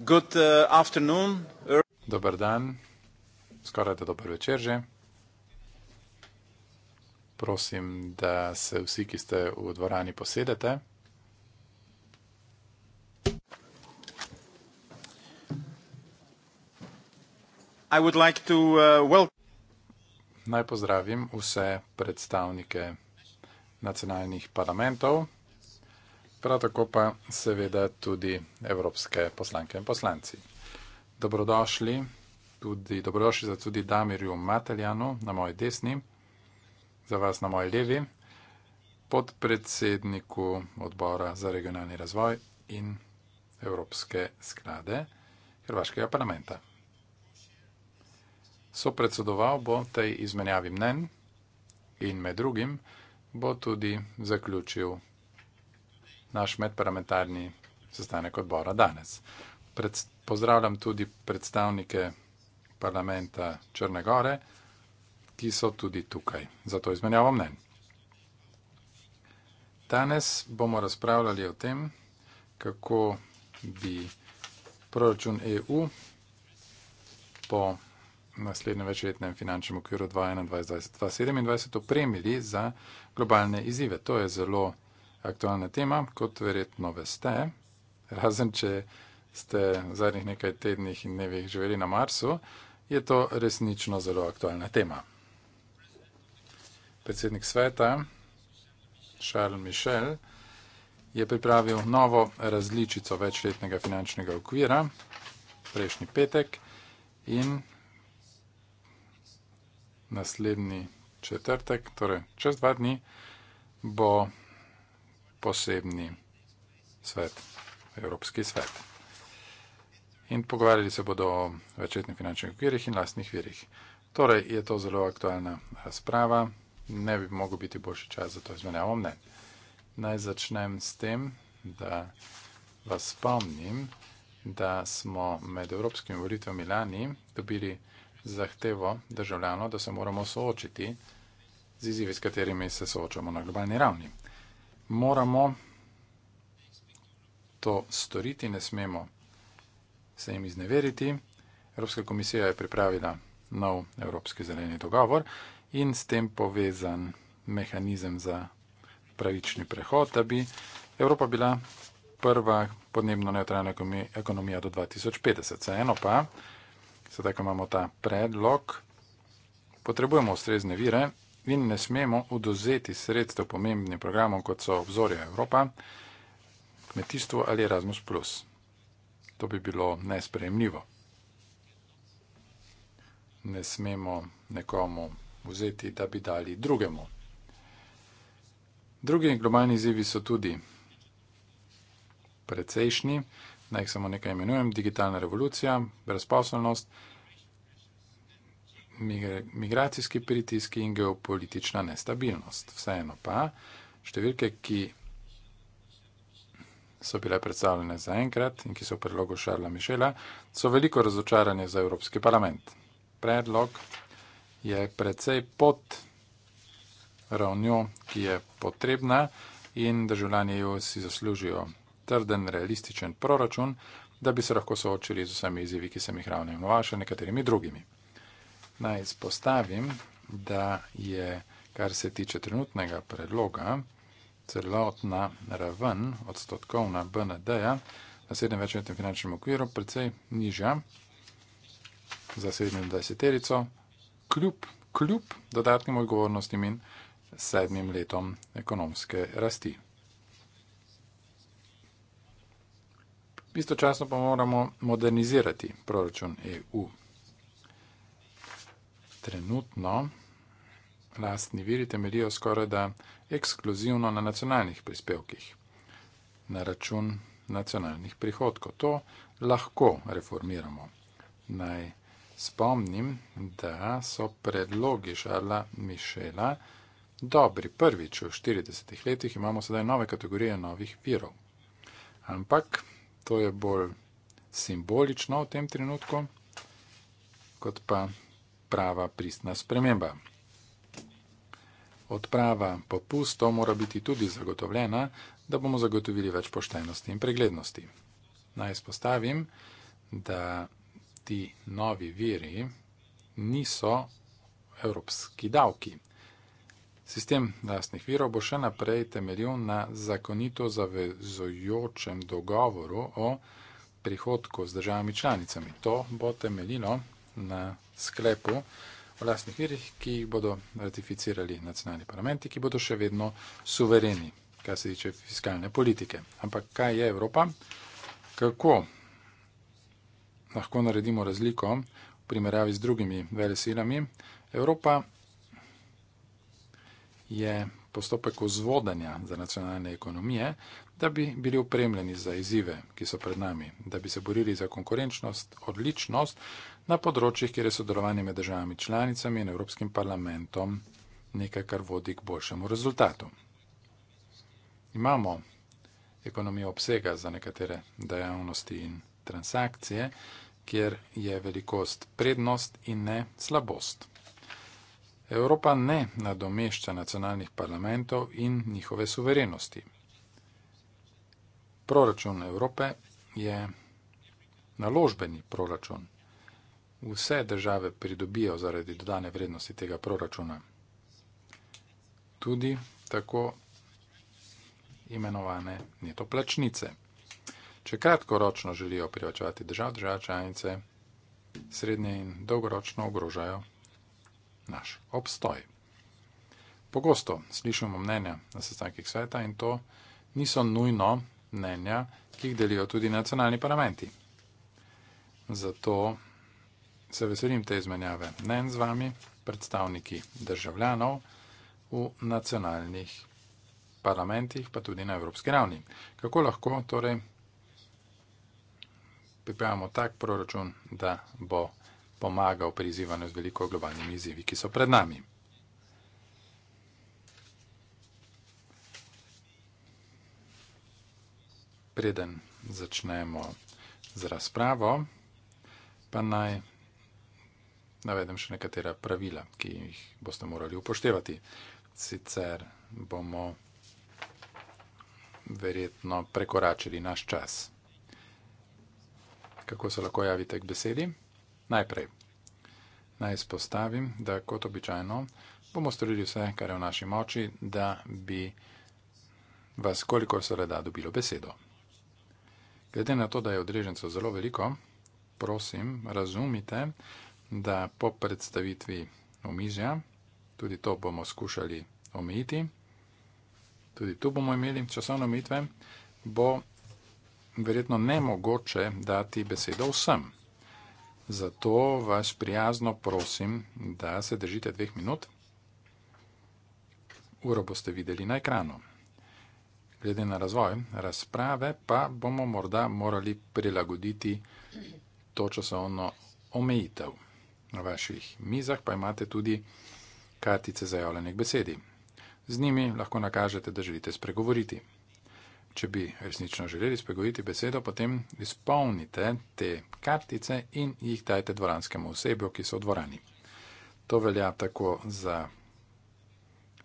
Good uh, afternoon. Er- dober dan, skoraj da dober večer že. Prosim, da se vsi, ki ste v dvorani, posedete. Like to, uh, well... Naj pozdravim vse predstavnike nacionalnih parlamentov prav tako pa seveda tudi evropske poslanke in poslanci. Dobrodošli, tudi, dobrodošli za tudi Damirju Mateljanu na moji desni, za vas na moji levi, podpredsedniku odbora za regionalni razvoj in Evropske sklade Hrvaškega parlamenta. Sopredsedoval bo tej izmenjavi mnen in med drugim bo tudi zaključil naš medparlamentarni sestanek odbora danes. Pred, pozdravljam tudi predstavnike parlamenta Črne Gore, ki so tudi tukaj. Zato izmenjavam mnen. Danes bomo razpravljali o tem, kako bi proračun EU po naslednjem večletnem finančnem okviru 2021-2027 opremili za globalne izzive. To je zelo aktualna tema, kot verjetno veste, razen če ste v zadnjih nekaj tednih in dnevih živeli na Marsu, je to resnično zelo aktualna tema. Predsednik sveta Charles Michel je pripravil novo različico večletnega finančnega okvira prejšnji petek in naslednji četrtek, torej čez dva dni, bo posebni svet, Evropski svet. In pogovarjali se bodo o večetnih finančnih okvirih in lastnih virih. Torej je to zelo aktualna razprava, ne bi mogel biti boljši čas za to izmenjavo mnen. Naj začnem s tem, da vas spomnim, da smo med Evropskim volitvom Milani dobili zahtevo državljano, da se moramo soočiti z izzivi, s katerimi se soočamo na globalni ravni moramo to storiti, ne smemo se jim izneveriti. Evropska komisija je pripravila nov Evropski zeleni dogovor in s tem povezan mehanizem za pravični prehod, da bi Evropa bila prva podnebno neutralna ekonomija do 2050. Vseeno pa, sedaj, ko imamo ta predlog, potrebujemo ustrezne vire in ne smemo oduzeti sredstev pomembnim programom, kot so obzorje Evropa, kmetijstvo ali Erasmus. To bi bilo nespremljivo. Ne smemo nekomu vzeti, da bi dali drugemu. Drugi globalni izzivi so tudi precejšnji, naj jih samo nekaj imenujem, digitalna revolucija, brezposobnost, migracijski pritiski in geopolitična nestabilnost. Vseeno pa številke, ki so bile predstavljene zaenkrat in ki so v predlogu Šarla Mišela, so veliko razočaranje za Evropski parlament. Predlog je precej pod ravnjo, ki je potrebna in državljani EU si zaslužijo trden, realističen proračun, da bi se lahko soočili z vsemi izzivi, ki sem jih ravno imel, še nekaterimi drugimi. Naj izpostavim, da je, kar se tiče trenutnega predloga, celotna raven odstotkovna BND-ja na srednjem večletnem finančnem okviru precej nižja za 27-terico, kljub, kljub dodatnim odgovornostim in sedmim letom ekonomske rasti. Istočasno pa moramo modernizirati proračun EU trenutno lastni viri temeljijo skoraj da ekskluzivno na nacionalnih prispevkih, na račun nacionalnih prihodkov. To lahko reformiramo. Naj spomnim, da so predlogi Žala Mišela dobri. Prvič v 40 letih imamo sedaj nove kategorije novih virov. Ampak to je bolj simbolično v tem trenutku, kot pa prava pristna sprememba. Odprava popustov mora biti tudi zagotovljena, da bomo zagotovili več poštenosti in preglednosti. Naj spostavim, da ti novi viri niso evropski davki. Sistem lastnih virov bo še naprej temeljil na zakonito zavezojočem dogovoru o prihodku z državami članicami. To bo temeljilo na sklepu o lastnih virih, ki jih bodo ratificirali nacionalni parlamenti, ki bodo še vedno suvereni, kar se tiče fiskalne politike. Ampak kaj je Evropa? Kako lahko naredimo razliko v primerjavi z drugimi velesilami? Evropa je postopek ozvodanja za nacionalne ekonomije, da bi bili opremljeni za izzive, ki so pred nami, da bi se borili za konkurenčnost, odličnost, na področjih, kjer je sodelovanje med državami članicami in Evropskim parlamentom nekaj, kar vodi k boljšemu rezultatu. Imamo ekonomijo obsega za nekatere dejavnosti in transakcije, kjer je velikost prednost in ne slabost. Evropa ne nadomešča nacionalnih parlamentov in njihove suverenosti. Proračun Evrope je naložbeni proračun vse države pridobijo zaradi dodane vrednosti tega proračuna. Tudi tako imenovane neto plačnice. Če kratkoročno želijo privačevati držav, držav članice, srednje in dolgoročno ogrožajo naš obstoj. Pogosto slišimo mnenja na sestankih sveta in to niso nujno mnenja, ki jih delijo tudi nacionalni parlamenti. Zato se veselim te izmenjave mnen z vami, predstavniki državljanov v nacionalnih parlamentih, pa tudi na evropski ravni. Kako lahko torej pripravimo tak proračun, da bo pomagal pri izzivanju z veliko globalnimi izzivi, ki so pred nami. Preden začnemo z razpravo, pa naj navedem še nekatera pravila, ki jih boste morali upoštevati. Sicer bomo verjetno prekoračili naš čas. Kako se lahko javite k besedi? Najprej. Naj spostavim, da kot običajno bomo storili vse, kar je v naši moči, da bi vas koliko se le da dobilo besedo. Glede na to, da je odrežencev zelo veliko, prosim, razumite, da po predstavitvi omizja tudi to bomo skušali omejiti. Tudi tu bomo imeli časovne omitve, bo verjetno nemogoče dati besedo vsem. Zato vas prijazno prosim, da se držite dveh minut. Uro boste videli na ekranu. Glede na razvoj razprave pa bomo morda morali prilagoditi to časovno omejitev. Na vaših mizah pa imate tudi kartice za javljanje k besedi. Z njimi lahko nakažete, da želite spregovoriti. Če bi resnično želeli spregovoriti besedo, potem izpolnite te kartice in jih dajte dvoranskemu osebju, ki so v dvorani. To velja tako za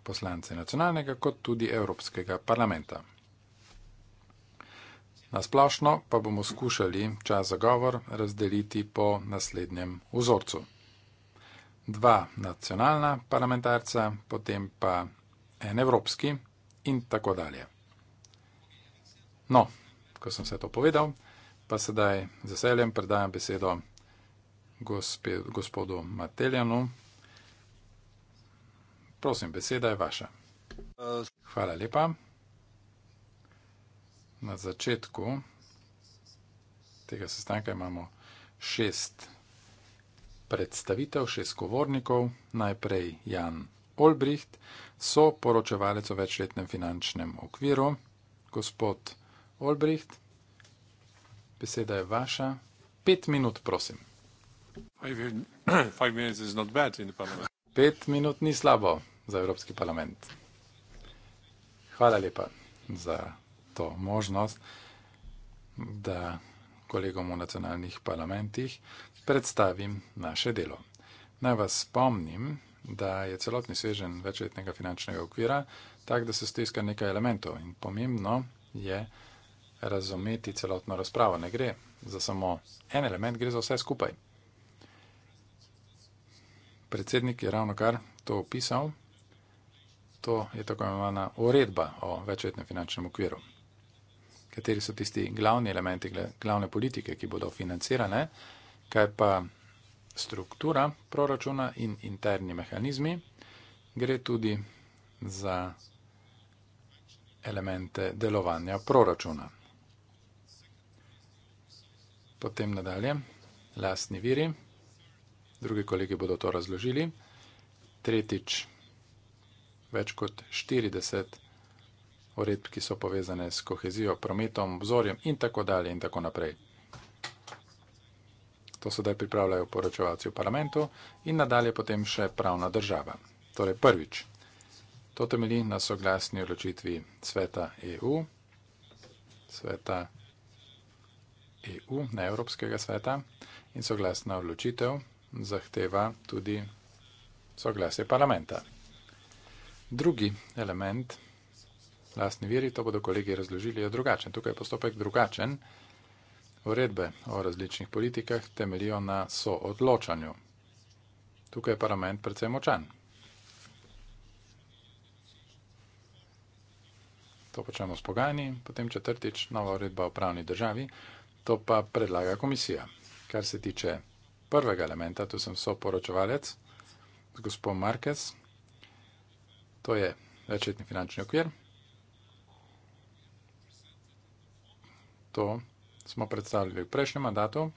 poslance nacionalnega, kot tudi Evropskega parlamenta. Nasplošno pa bomo skušali čas za govor razdeliti po naslednjem vzorcu dva nacionalna parlamentarca, potem pa en evropski in tako dalje. No, ko sem vse to povedal, pa sedaj z veseljem predajam besedo gospe, gospodu Mateljanu. Prosim, beseda je vaša. Hvala lepa. Na začetku tega sestanka imamo šest predstavitev še skovornikov, najprej Jan Olbricht, so poročevalec o večletnem finančnem okviru. Gospod Olbricht, beseda je vaša. Pet minut, prosim. Pet minut ni slabo za Evropski parlament. Hvala lepa za to možnost, da kolegom v nacionalnih parlamentih predstavim naše delo. Naj vas spomnim, da je celotni svežen večletnega finančnega okvira tak, da se stiska nekaj elementov in pomembno je razumeti celotno razpravo. Ne gre za samo en element, gre za vse skupaj. Predsednik je ravno kar to opisal. To je tako imenovana uredba o večletnem finančnem okviru. Kateri so tisti glavni elementi, glavne politike, ki bodo financirane? Kaj pa struktura proračuna in interni mehanizmi? Gre tudi za elemente delovanja proračuna. Potem nadalje, lastni viri. Drugi kolegi bodo to razložili. Tretjič, več kot 40 uredb, ki so povezane s kohezijo, prometom, obzorjem in tako dalje in tako naprej. To sedaj pripravljajo poročevalci v parlamentu in nadalje potem še pravna država. Torej prvič, to temelji na soglasni odločitvi sveta EU, sveta EU, ne Evropskega sveta in soglasna odločitev zahteva tudi soglasje parlamenta. Drugi element, lastni viri, to bodo kolegi razložili, je drugačen. Tukaj je postopek drugačen. Uredbe o različnih politikah temeljijo na soodločanju. Tukaj je parlament predvsem močan. To počnemo s pogajanji, potem četrtič nova uredba o pravni državi, to pa predlaga komisija. Kar se tiče prvega elementa, tu sem soporočevalec z gospod Marquez, to je večletni finančni okvir. To smo predstavljali v prejšnjem mandatu.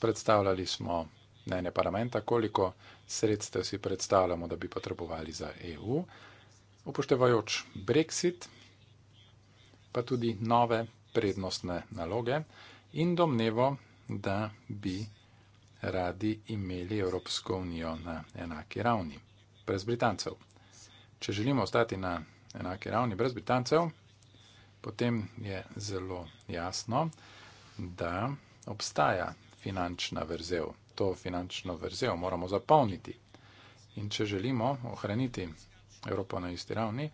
Predstavljali smo mnenje parlamenta, koliko sredstev si predstavljamo, da bi potrebovali za EU, upoštevajoč Brexit, pa tudi nove prednostne naloge in domnevo, da bi radi imeli Evropsko unijo na enaki ravni brez Britancev. Če želimo ostati na enaki ravni brez Britancev, potem je zelo jasno, da obstaja finančna vrzel. To finančno vrzel moramo zapolniti. In če želimo ohraniti Evropo na isti ravni,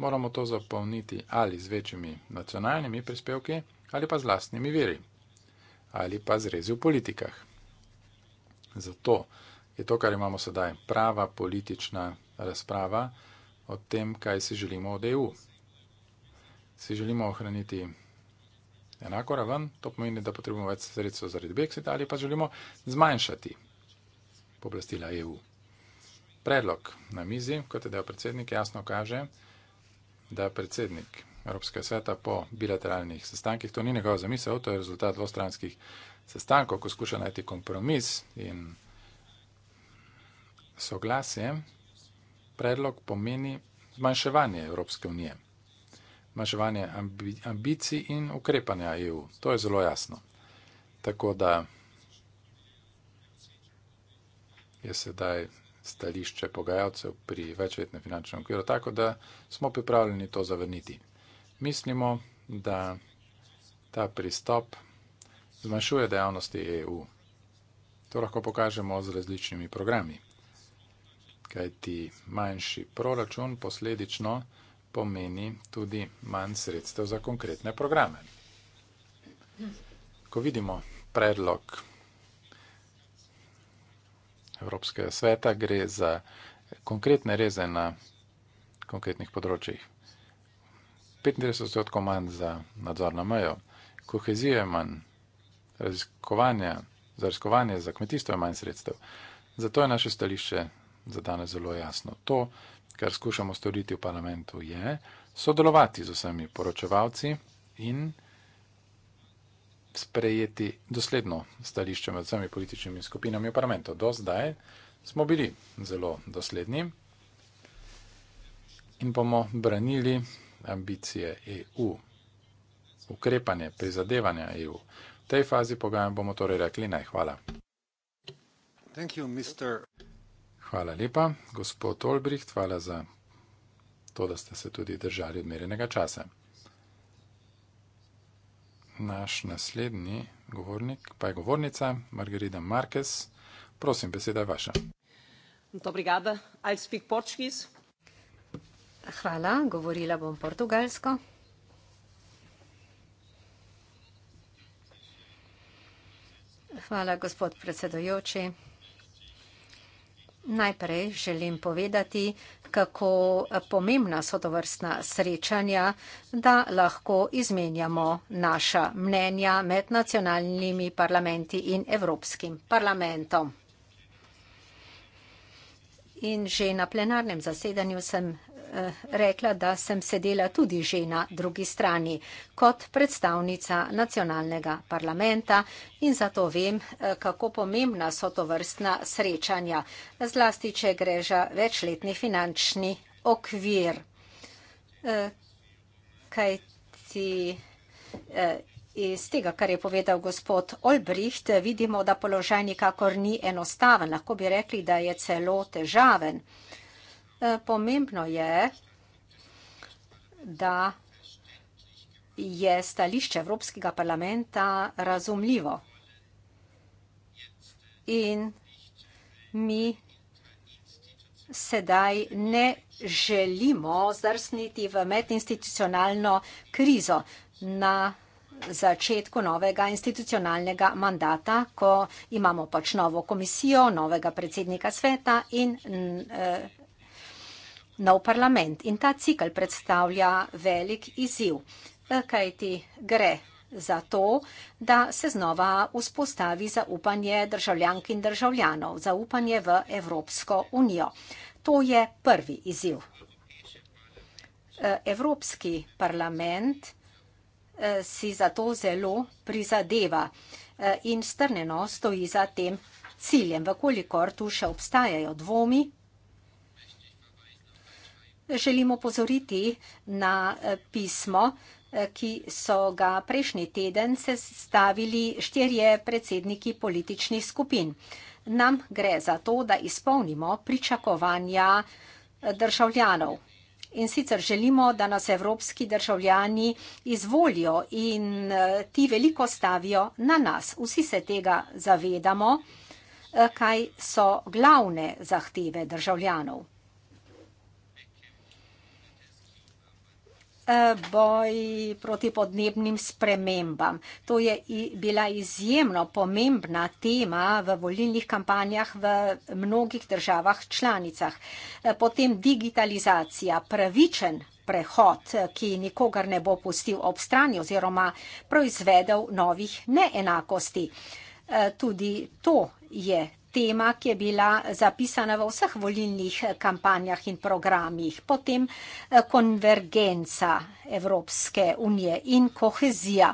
moramo to zapolniti ali z večjimi nacionalnimi prispevki, ali pa z lastnimi viri, ali pa z rezi v politikah. Zato je to, kar imamo sedaj, prava politična razprava o tem, kaj si želimo od EU si želimo ohraniti enako raven, to pomeni, da potrebujemo več sredstva zaradi Brexita ali pa želimo zmanjšati poblastila EU. Predlog na mizi, kot je dejal predsednik, jasno kaže, da predsednik Evropskega sveta po bilateralnih sestankih, to ni njegov zamisel, to je rezultat dvostranskih sestankov, ko skuša najti kompromis in soglasje, predlog pomeni zmanjševanje Evropske unije zmanjševanje ambi, ambicij in ukrepanja EU. To je zelo jasno. Tako da je sedaj stališče pogajalcev pri večletnem finančnem okviru tako, da smo pripravljeni to zavrniti. Mislimo, da ta pristop zmanjšuje dejavnosti EU. To lahko pokažemo z različnimi programi. Kajti manjši proračun posledično pomeni tudi manj sredstev za konkretne programe. Ko vidimo predlog Evropskega sveta, gre za konkretne reze na konkretnih področjih. 35 odstotkov manj za nadzor na mejo, kohezijo je manj, raziskovanja, za raziskovanje, za kmetijstvo je manj sredstev. Zato je naše stališče za danes zelo jasno. To kar skušamo storiti v parlamentu, je sodelovati z vsemi poročevalci in sprejeti dosledno stališče med vsemi političnimi skupinami v parlamentu. Do zdaj smo bili zelo dosledni in bomo branili ambicije EU, ukrepanje, prizadevanja EU. V tej fazi pogajanj bomo torej rekli naj hvala. Thank you, Mr. Hvala lepa, gospod Olbrih, hvala za to, da ste se tudi držali odmerenega časa. Naš naslednji govornik pa je govornica Margarida Marquez. Prosim, beseda je vaša. Hvala, govorila bom portugalsko. Hvala, gospod predsedojoči. Najprej želim povedati, kako pomembna so to vrstna srečanja, da lahko izmenjamo naša mnenja med nacionalnimi parlamenti in Evropskim parlamentom. In že na plenarnem zasedanju sem Eh, rekla, da sem sedela tudi že na drugi strani kot predstavnica nacionalnega parlamenta in zato vem, eh, kako pomembna so to vrstna srečanja, zlasti če gre za večletni finančni okvir. Eh, Kaj ti iz tega, kar je povedal gospod Olbricht, vidimo, da položaj nikakor ni enostaven, lahko bi rekli, da je celo težaven. Eh, pomembno je, da je stališče Evropskega parlamenta razumljivo in mi sedaj ne želimo zdrsniti v medinstitucionalno krizo na začetku novega institucionalnega mandata, ko imamo pač novo komisijo, novega predsednika sveta in eh, nov parlament. In ta cikl predstavlja velik izziv, eh, kaj ti gre za to, da se znova vzpostavi zaupanje državljank in državljanov, zaupanje v Evropsko unijo. To je prvi izziv. Eh, Evropski parlament eh, si za to zelo prizadeva in strneno stoji za tem ciljem. Vkolikor tu še obstajajo dvomi, želimo pozoriti na eh, pismo, eh, ki so ga prejšnji teden se stavili štirje predsedniki političnih skupin. Nam gre za to, da izpolnimo pričakovanja eh, državljanov. In sicer želimo, da nas evropski državljani izvolijo in ti veliko stavijo na nas. Vsi se tega zavedamo, kaj so glavne zahteve državljanov. boj proti podnebnim spremembam. To je bila izjemno pomembna tema v volilnih kampanjah v mnogih državah članicah. E, potem digitalizacija, pravičen prehod, ki nikogar ne bo pustil ob strani oziroma proizvedel novih neenakosti. E, tudi to je tema, ki je bila zapisana v vseh volilnih kampanjah in programih. Potem eh, konvergenca Evropske unije in kohezija.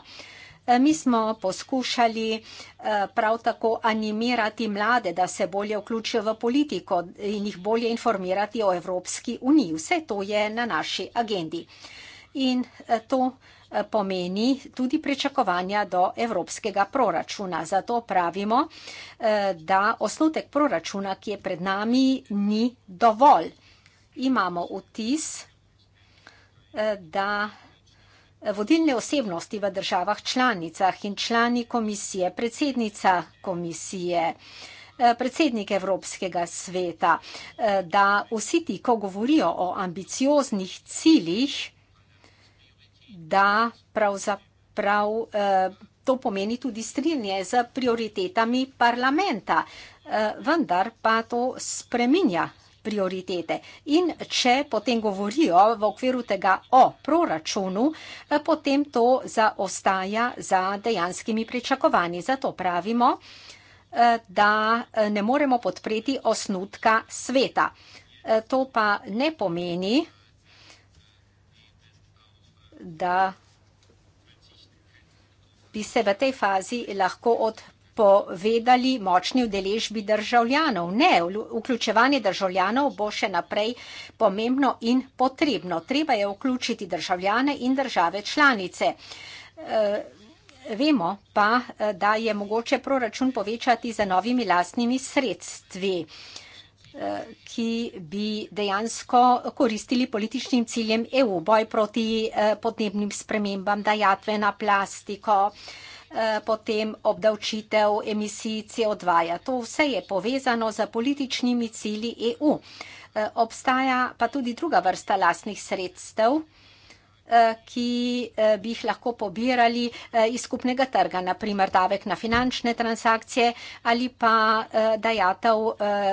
Eh, mi smo poskušali eh, prav tako animirati mlade, da se bolje vključijo v politiko in jih bolje informirati o Evropski uniji. Vse to je na naši agendi. In to pomeni tudi pričakovanja do evropskega proračuna. Zato pravimo, eh, da osnutek proračuna, ki je pred nami, ni dovolj. Imamo vtis, eh, da vodilne osebnosti v državah članicah in člani komisije, predsednica komisije, eh, predsednik Evropskega sveta, da vsi ti, ko govorijo o ambicioznih ciljih, da pravzaprav eh, to pomeni tudi strinje z prioritetami parlamenta, eh, vendar pa to spreminja prioritete. In če potem govorijo v okviru tega o proračunu, eh, potem to zaostaja za dejanskimi pričakovanji. Zato pravimo, da ne moremo podpreti osnutka sveta. To pa ne pomeni, da ne moremo podpreti osnutka sveta da bi se v tej fazi lahko odpovedali močni udeležbi državljanov. Ne, vključevanje državljanov bo še naprej pomembno in potrebno. Treba je vključiti državljane in države članice. Eh, vemo pa, eh, da je mogoče proračun povečati za novimi lastnimi sredstvi ki bi dejansko koristili političnim ciljem EU, boj proti eh, podnebnim spremembam, dajatve na plastiko, eh, potem obdavčitev emisij CO2. Ja, to vse je povezano z političnimi cilji EU. Eh, obstaja pa tudi druga vrsta lastnih sredstev, Eh, ki eh, bi jih lahko pobirali eh, iz skupnega trga, naprimer davek na finančne transakcije ali pa dajatev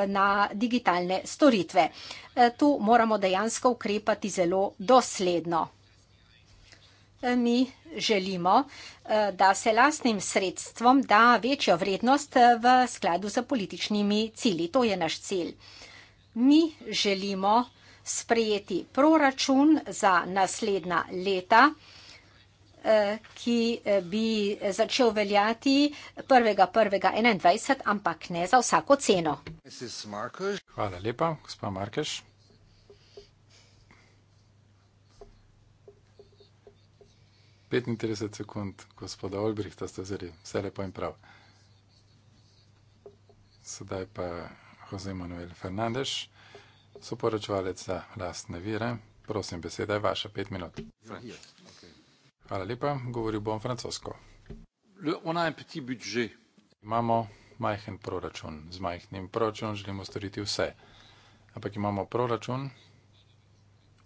na digitalne storitve. Tu moramo dejansko ukrepati zelo dosledno. Mi želimo, da se lastnim sredstvom da večjo vrednost v skladu z političnimi cilji. To je naš cilj. Mi želimo, da se lastnim sredstvom da večjo vrednost v skladu z političnimi cilji sprejeti proračun za naslednja leta, eh, ki eh, bi začel veljati 1.1.21, ampak ne za vsako ceno. Hvala lepa, gospod Markeš. petintrideset sekund gospoda Olbrihta ste vzeli, vse lepo in prav. Sedaj pa Jose Manuel Fernandez. Soporočevalec za lastne vire, prosim, beseda je vaša, pet minut. Hvala lepa, govoril bom francosko. Imamo majhen proračun, z majhnim proračunom želimo storiti vse. Ampak imamo proračun,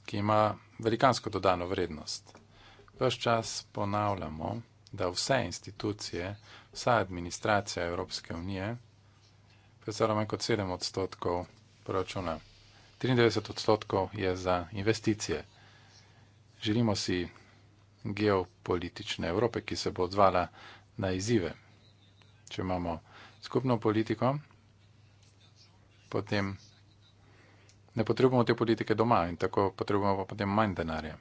ki ima velikansko dodano vrednost. Ves čas ponavljamo, da vse institucije, vsa administracija Evropske unije predstavlja manj kot 7 odstotkov proračuna. 93 odstotkov je za investicije. Želimo si geopolitične Evrope, ki se bo odzvala na izzive. Če imamo skupno politiko, potem ne potrebujemo te politike doma in tako potrebujemo pa potem manj denarja.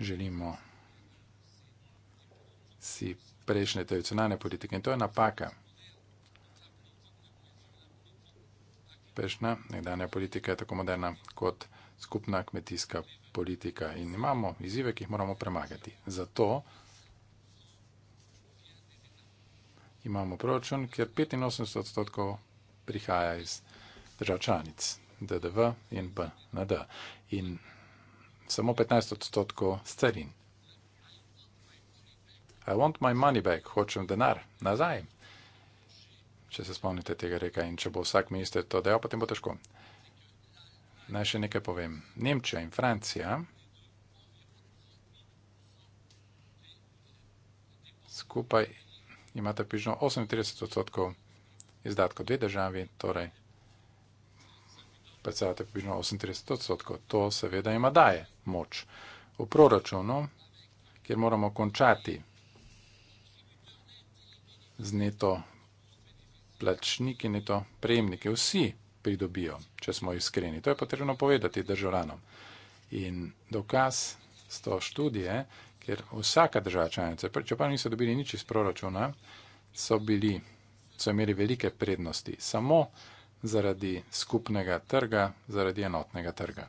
Želimo si prejšnje tradicionalne politike in to je napaka. uspešna nekdanja politika, tako moderna kot skupna kmetijska politika. In imamo izzive, ki jih moramo premagati. Zato imamo proračun, kjer 85 odstotkov prihaja iz držav članic DDV in BND in samo 15 odstotkov starin. I want my money back, hočem denar nazaj če se spomnite tega reka. In če bo vsak minister to dejal, potem bo težko. Naj še nekaj povem. Nemčija in Francija skupaj imata približno 38 odstotkov izdatkov. Dve državi torej predstavljate približno 38 odstotkov. To seveda ima daje moč. V proračunu, kjer moramo končati z neto plačniki, ne to prejemnike, vsi pridobijo, če smo iskreni. To je potrebno povedati državljanom. In dokaz s to študije, ker vsaka država članica, čeprav niso dobili nič iz proračuna, so, bili, so imeli velike prednosti samo zaradi skupnega trga, zaradi enotnega trga.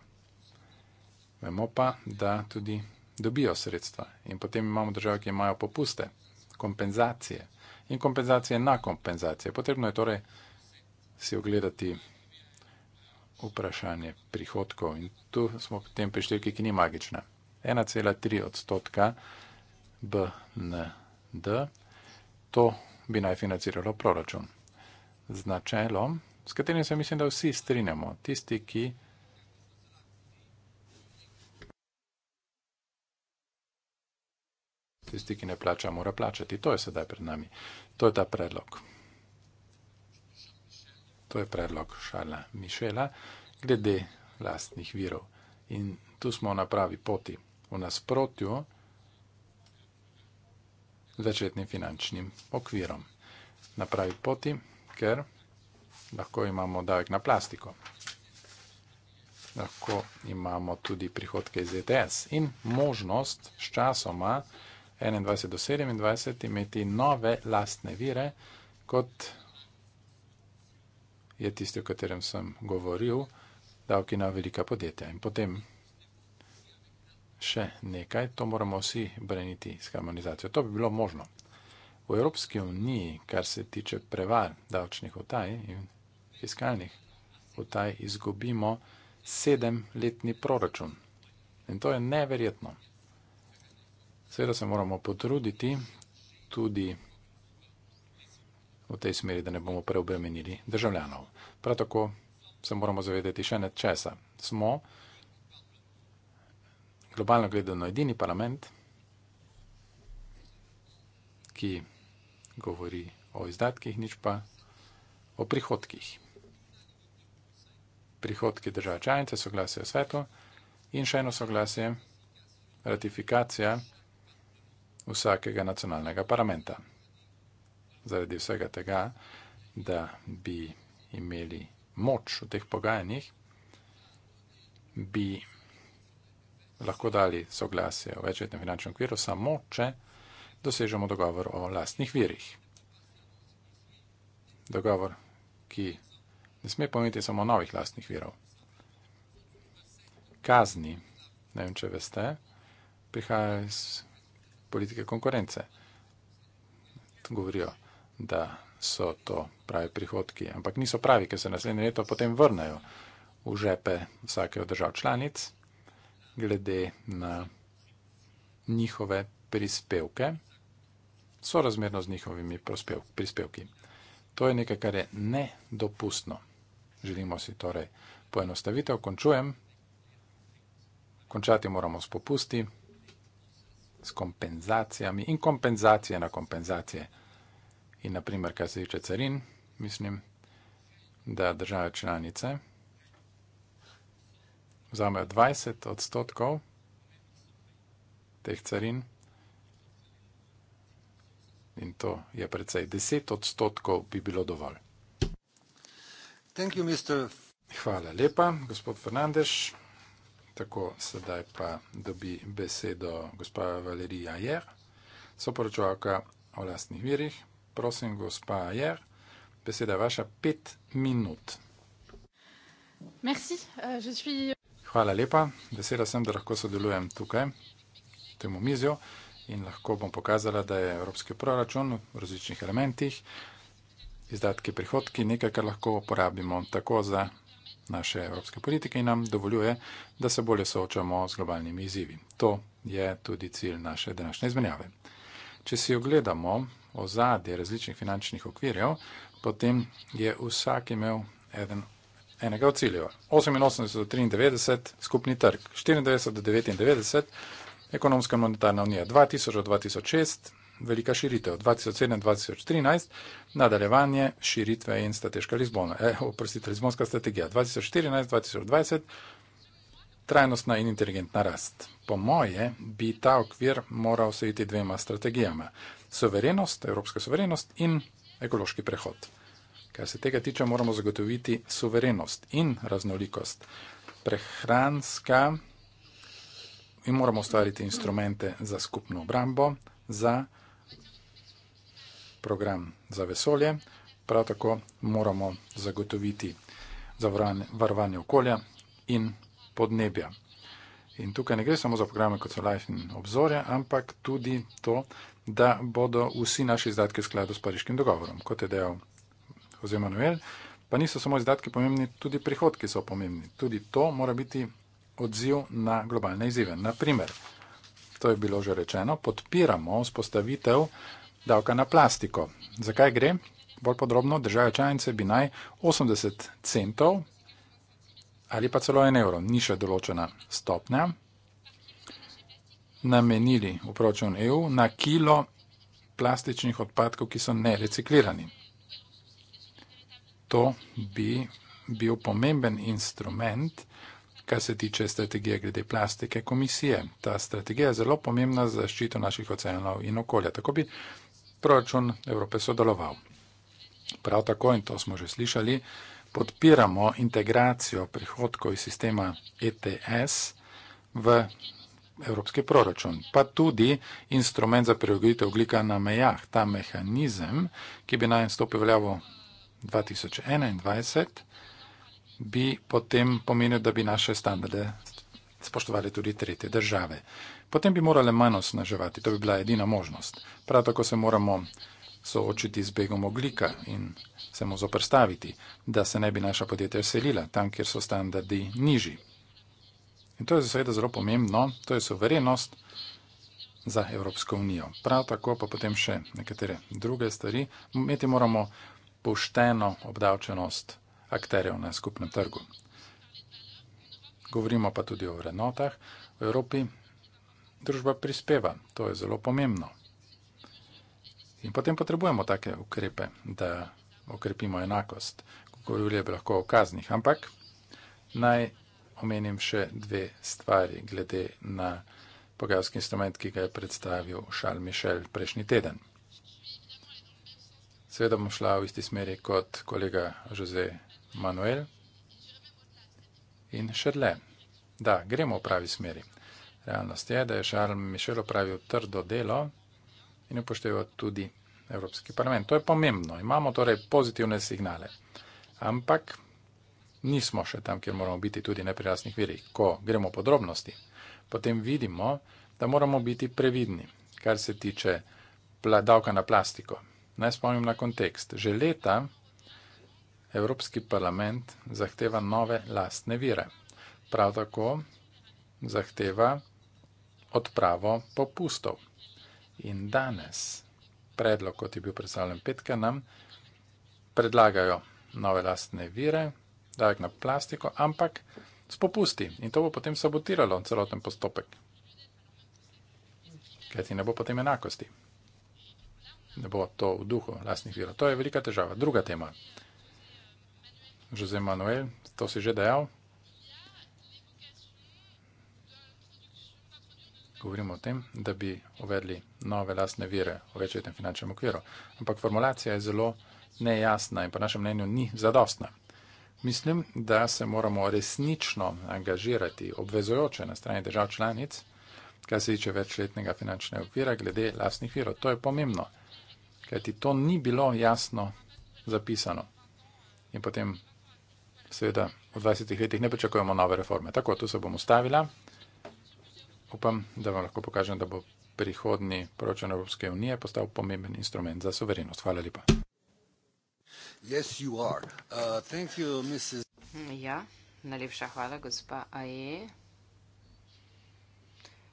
Vemo pa, da tudi dobijo sredstva in potem imamo države, ki imajo popuste, kompenzacije in kompenzacije na kompenzacije. Potrebno je torej si ogledati vprašanje prihodkov in tu smo potem pri številki, ki ni magična. 1,3 odstotka BND, to bi naj financiralo proračun. Z načelom, s katerim se mislim, da vsi strinjamo, tisti, ki Tisti, ki ne plača, mora plačati. To je sedaj pred nami. To je ta predlog. To je predlog Šala Mišela glede lastnih virov. In tu smo na pravi poti, v nasprotju z začetnim finančnim okvirom. Na pravi poti, ker lahko imamo davek na plastiko. Lahko imamo tudi prihodke iz ETS in možnost s časoma 21 do 27 imeti nove lastne vire, kot je tisti, o katerem sem govoril, davki na velika podjetja. In potem še nekaj, to moramo vsi breniti s harmonizacijo. To bi bilo možno. V Evropski uniji, kar se tiče prevar davčnih utaj in fiskalnih utaj, izgubimo sedemletni proračun. In to je neverjetno. Seveda se moramo potruditi tudi v tej smeri, da ne bomo preobremenili državljanov. Prav tako se moramo zavedeti še nečesa. Smo globalno gledano edini parlament, ki govori o izdatkih, nič pa o prihodkih. Prihodki države članice, soglasje v svetu in še eno soglasje, ratifikacija vsakega nacionalnega parlamenta. Zaradi vsega tega, da bi imeli moč v teh pogajanjih, bi lahko dali soglasje o večletnem finančnem okviru samo, če dosežemo dogovor o lastnih virih. Dogovor, ki ne sme pomeniti samo novih lastnih virov. Kazni, ne vem, če veste, prihajajo iz politike konkurence. Govorijo, da so to pravi prihodki, ampak niso pravi, ker se naslednje leto potem vrnajo v žepe vsake od držav članic glede na njihove prispevke, sorazmerno z njihovimi prispevki. To je nekaj, kar je nedopustno. Želimo si torej poenostavitev, končujem. Končati moramo s popusti s kompenzacijami in kompenzacije na kompenzacije. In naprimer, kar se tiče carin, mislim, da države članice vzamejo 20 odstotkov teh carin in to je predvsej 10 odstotkov bi bilo dovolj. Hvala lepa, gospod Fernandez. Tako, sedaj pa dobi besedo gospa Valerija Jer, soporočovalka o lastnih virih. Prosim, gospa Jer, beseda je vaša pet minut. Merci, uh, suis... Hvala lepa, vesela sem, da lahko sodelujem tukaj, temu mizjo in lahko bom pokazala, da je evropski proračun v različnih elementih, izdatki, prihodki, nekaj, kar lahko uporabimo tako za naše evropske politike in nam dovoljuje, da se bolje soočamo z globalnimi izzivi. To je tudi cilj naše današnje izmenjave. Če si ogledamo ozadje različnih finančnih okvirjev, potem je vsak imel eden, enega od ciljev. 88 do 93 skupni trg, 94 do 99 ekonomska in monetarna unija, 2000 do 2006 velika širitev 2007-2013, nadaljevanje širitve in strateška Lizbona, eh, oprostite, Lizbonska strategija 2014-2020, trajnostna in inteligentna rast. Po moje bi ta okvir moral sejiti dvema strategijama. Soverenost, evropska soverenost in ekološki prehod. Kar se tega tiče, moramo zagotoviti soverenost in raznolikost. Prehranska in moramo ustvariti instrumente za skupno obrambo, za program za vesolje, prav tako moramo zagotoviti zavarovanje okolja in podnebja. In tukaj ne gre samo za programe kot so Life in obzorja, ampak tudi to, da bodo vsi naši izdatki v skladu s pariškim dogovorom, kot je dejal Jose Manuel, pa niso samo izdatki pomembni, tudi prihodki so pomembni. Tudi to mora biti odziv na globalne izzive. Naprimer, to je bilo že rečeno, podpiramo vzpostavitev davka na plastiko. Zakaj gre? Bolj podrobno, države članice bi naj 80 centov ali pa celo en evro, ni še določena stopnja, namenili v proračun EU na kilo plastičnih odpadkov, ki so nereciklirani. To bi bil pomemben instrument, kar se tiče strategije glede plastike komisije. Ta strategija je zelo pomembna za zaščito naših oceanov in okolja. Tako bi proračun Evrope sodeloval. Prav tako, in to smo že slišali, podpiramo integracijo prihodkov iz sistema ETS v evropski proračun, pa tudi instrument za preugoditev oglika na mejah. Ta mehanizem, ki bi naj stopil veljavo 2021, bi potem pomenil, da bi naše standarde spoštovali tudi tretje države potem bi morale manj osnaževati, to bi bila edina možnost. Prav tako se moramo soočiti z begom oglika in se mu zoprstaviti, da se ne bi naša podjetja selila tam, kjer so standardi nižji. In to je seveda zelo pomembno, to je soverenost za Evropsko unijo. Prav tako pa potem še nekatere druge stvari. Imeti moramo pošteno obdavčenost akterjev na skupnem trgu. Govorimo pa tudi o vrednotah. V Evropi družba prispeva. To je zelo pomembno. In potem potrebujemo take ukrepe, da okrepimo enakost. Govorili bi lahko o kaznih, ampak naj omenim še dve stvari glede na pogajalski instrument, ki ga je predstavil Charles Michel prejšnji teden. Seveda bom šla v isti smeri kot kolega Jose Manuel in še dle. Da, gremo v pravi smeri. Realnost je, da je Charles Michel opravil trdo delo in upošteval tudi Evropski parlament. To je pomembno. Imamo torej pozitivne signale. Ampak nismo še tam, kjer moramo biti tudi ne pri lastnih virih. Ko gremo v podrobnosti, potem vidimo, da moramo biti previdni, kar se tiče davka na plastiko. Naj spomnim na kontekst. Že leta Evropski parlament zahteva nove lastne vire. Prav tako zahteva odpravo popustov. In danes predlog, kot je bil predstavljen petka, nam predlagajo nove lastne vire, davek na plastiko, ampak s popusti. In to bo potem sabotiralo celoten postopek. Ker ti ne bo potem enakosti. Ne bo to v duhu lastnih virov. To je velika težava. Druga tema. Jose Manuel, to si že dejal. govorimo o tem, da bi uvedli nove lastne vire v večjem finančnem okviru. Ampak formulacija je zelo nejasna in po našem mnenju ni zadostna. Mislim, da se moramo resnično angažirati obvezojoče na strani držav članic, kar se tiče večletnega finančnega okvira glede lastnih virov. To je pomembno, kajti to ni bilo jasno zapisano. In potem, seveda, v 20 letih ne pričakujemo nove reforme. Tako, tu se bom ustavila upam, da vam lahko pokažem, da bo prihodni proračun Evropske unije postal pomemben instrument za soverenost. Hvala lepa. Yes, uh, you, Mrs... Ja, najlepša hvala, gospa Aje.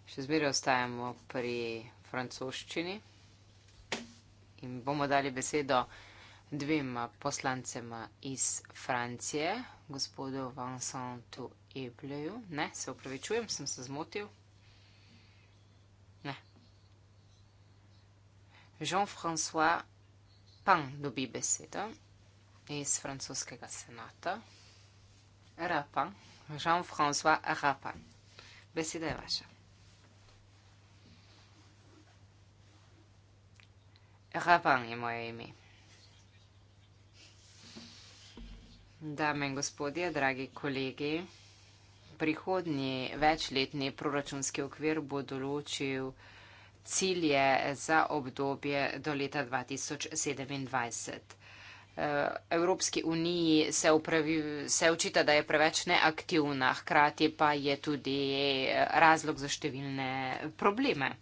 Še zmeraj ostajamo pri francoščini in bomo dali besedo dvema poslancema iz Francije, gospodu Vincentu Ebleju. Ne, se upravičujem, sem se zmotil. Jean-François Pan dobi besedo iz francoskega senata. Rapan, Jean-François Rapan. Beseda je vaša. Rapan je moje ime. Dame in gospodje, dragi kolegi, prihodnji večletni proračunski okvir bo določil cilje za obdobje do leta 2027. Eh, Evropski uniji se, upravi, se očita, da je preveč neaktivna, hkrati pa je tudi eh, razlog za številne probleme.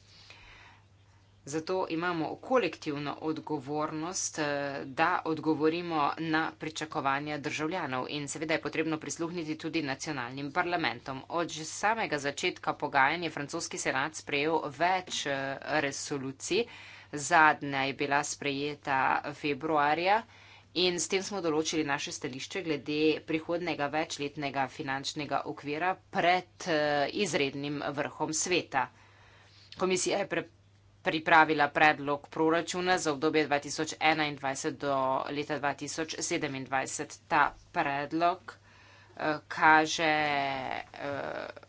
Zato imamo kolektivno odgovornost, eh, da odgovorimo na pričakovanja državljanov in seveda je potrebno prisluhniti tudi nacionalnim parlamentom. Od samega začetka pogajanj je francoski senat sprejel več eh, resolucij, zadnja je bila sprejeta februarja. In s tem smo določili naše stališče glede prihodnega večletnega finančnega okvira pred eh, izrednim vrhom sveta. Komisija je pripravila predlog proračuna za obdobje 2021 do leta 2027. Ta predlog eh, kaže eh,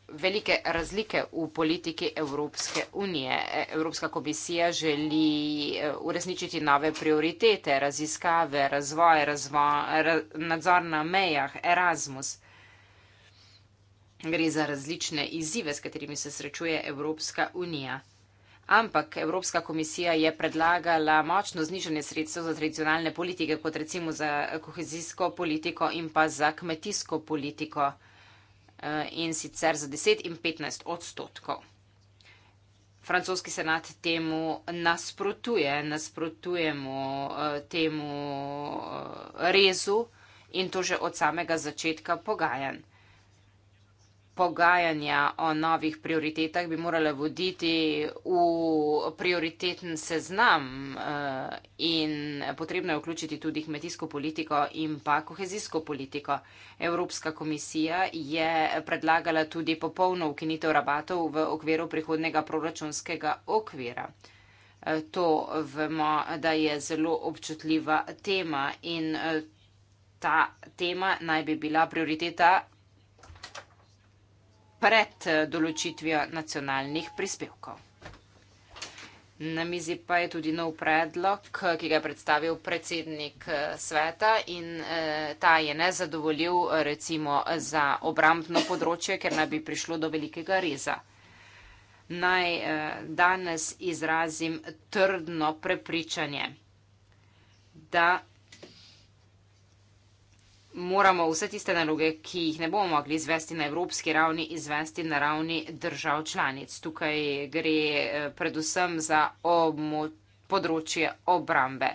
velike razlike v politiki Evropske unije. E, Evropska komisija želi eh, uresničiti nove prioritete, raziskave, razvoj, nadzor na mejah, Erasmus. Gre za različne izzive, s katerimi se srečuje Evropska unija. Ampak Evropska komisija je predlagala močno znižanje sredstev za tradicionalne politike, kot recimo za kohezijsko politiko in pa za kmetijsko politiko eh, in sicer za 10 in 15 odstotkov. Francoski senat temu nasprotuje, nasprotujemo eh, temu eh, rezu in to že od samega začetka pogajanj pogajanja o novih prioritetah bi morale voditi v prioriteten seznam eh, in potrebno je vključiti tudi kmetijsko politiko in pa kohezijsko politiko. Evropska komisija je predlagala tudi popolno ukinitev rabatov v okviru prihodnega proračunskega okvira. Eh, to vemo, da je zelo občutljiva tema in eh, ta tema naj bi bila prioriteta pred eh, določitvijo nacionalnih prispevkov. Na mizi pa je tudi nov predlog, eh, ki ga je predstavil predsednik eh, sveta in ta je nezadovoljiv recimo za obrambno področje, ker naj bi prišlo do velikega reza. Naj danes izrazim trdno prepričanje, da moramo vse tiste naloge, ki jih ne bomo mogli izvesti na evropski ravni, izvesti na ravni držav članic. Tukaj gre eh, predvsem za obmo, področje obrambe.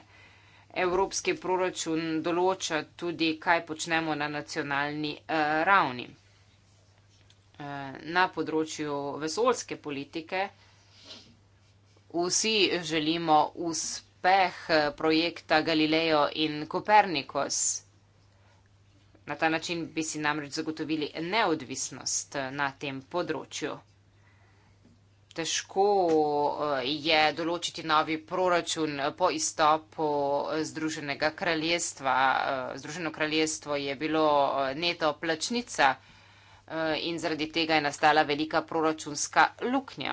Evropski proračun določa tudi, kaj počnemo na nacionalni eh, ravni. Eh, na področju vesolske politike vsi želimo uspeh projekta Galileo in Kopernikos. Na ta način bi si namreč zagotovili neodvisnost eh, na tem področju. Težko eh, je določiti novi proračun eh, po izstopu Združenega kraljestva. Združeno kraljestvo je bilo neto plačnica in zaradi tega je nastala velika proračunska luknja.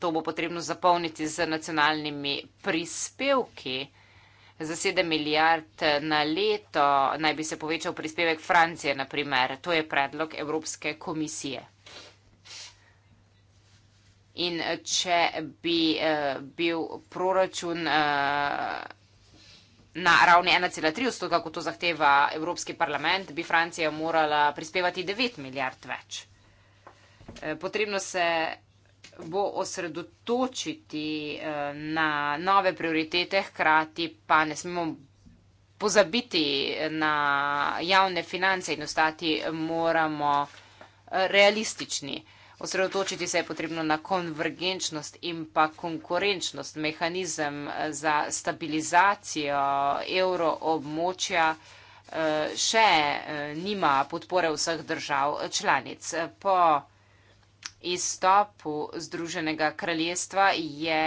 To bo potrebno zapolniti z nacionalnimi prispevki za 7 milijard na leto naj bi se povečal prispevek Francije, naprimer. To je predlog Evropske komisije. In eh, če bi eh, bil proračun eh, na ravni 1,3 odstotka, kot to zahteva Evropski parlament, bi Francija morala prispevati 9 milijard več. Potrebno se bo osredotočiti eh, na nove prioritete, hkrati pa ne smemo pozabiti na javne finance in ostati moramo eh, realistični. Osredotočiti se je potrebno na konvergenčnost in pa konkurenčnost. Mehanizem eh, za stabilizacijo evroobmočja še nima podpore vseh držav članic. Po Izstop Združenega kraljestva je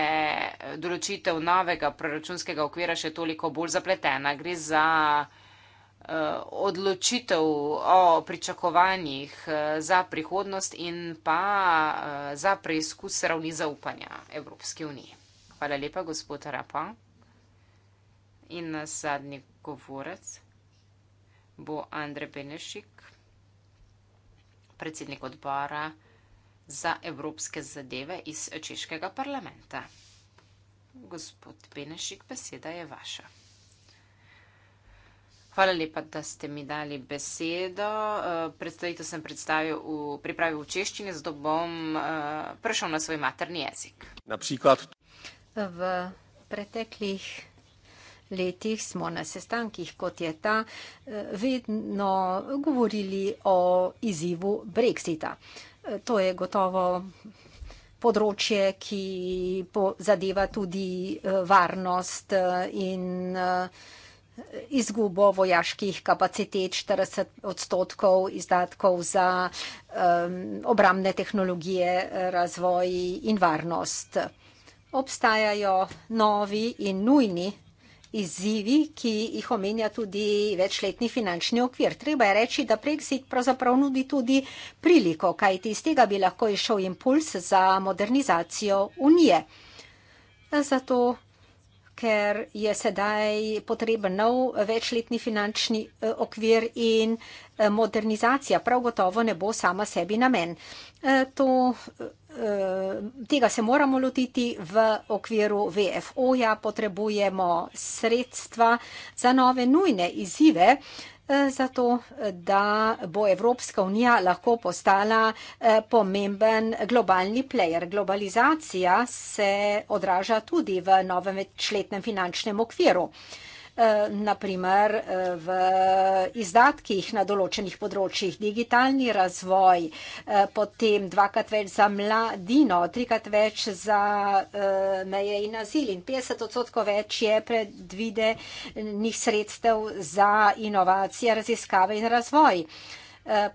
določitev novega proračunskega okvira še toliko bolj zapletena. Gre za eh, odločitev o pričakovanjih eh, za prihodnost in pa eh, za preizkus ravni zaupanja Evropske unije. Hvala lepa, gospod Rapa. In nasadni govorec bo Andrej Benešik, predsednik odbora za evropske zadeve iz Češkega parlamenta. Gospod Benešik, beseda je vaša. Hvala lepa, da ste mi dali besedo. Eh, predstavitev sem predstavil v pripravi v češčini, zato bom eh, prešel na svoj materni jezik. Naprimer, v preteklih letih smo na sestankih, kot je ta, eh, vedno govorili o izzivu Brexita to je gotovo področje, ki zadeva tudi eh, varnost eh, in eh, izgubo vojaških kapacitet 40 odstotkov izdatkov za obramne tehnologije, razvoj in varnost. Obstajajo novi in nujni izzivi, ki jih omenja tudi večletni finančni okvir. Treba je reči, da Brexit pravzaprav nudi tudi priliko, kajti iz tega bi lahko išel impuls za modernizacijo unije. Zato, ker je sedaj potreben nov večletni finančni eh, okvir in eh, modernizacija prav gotovo ne bo sama sebi namen. Eh, to Eh, tega se moramo lotiti v okviru VFO-ja, potrebujemo sredstva za nove nujne izzive, eh, zato eh, da bo Evropska unija lahko postala pomemben globalni player. Globalizacija se odraža tudi v novem večletnem finančnem okviru. Eh, naprimer eh, v izdatkih na določenih področjih, digitalni razvoj, eh, potem dvakrat več za mladino, trikrat več za meje in nazil in 50 odstotkov več je predvidenih sredstev za inovacije, raziskave in razvoj,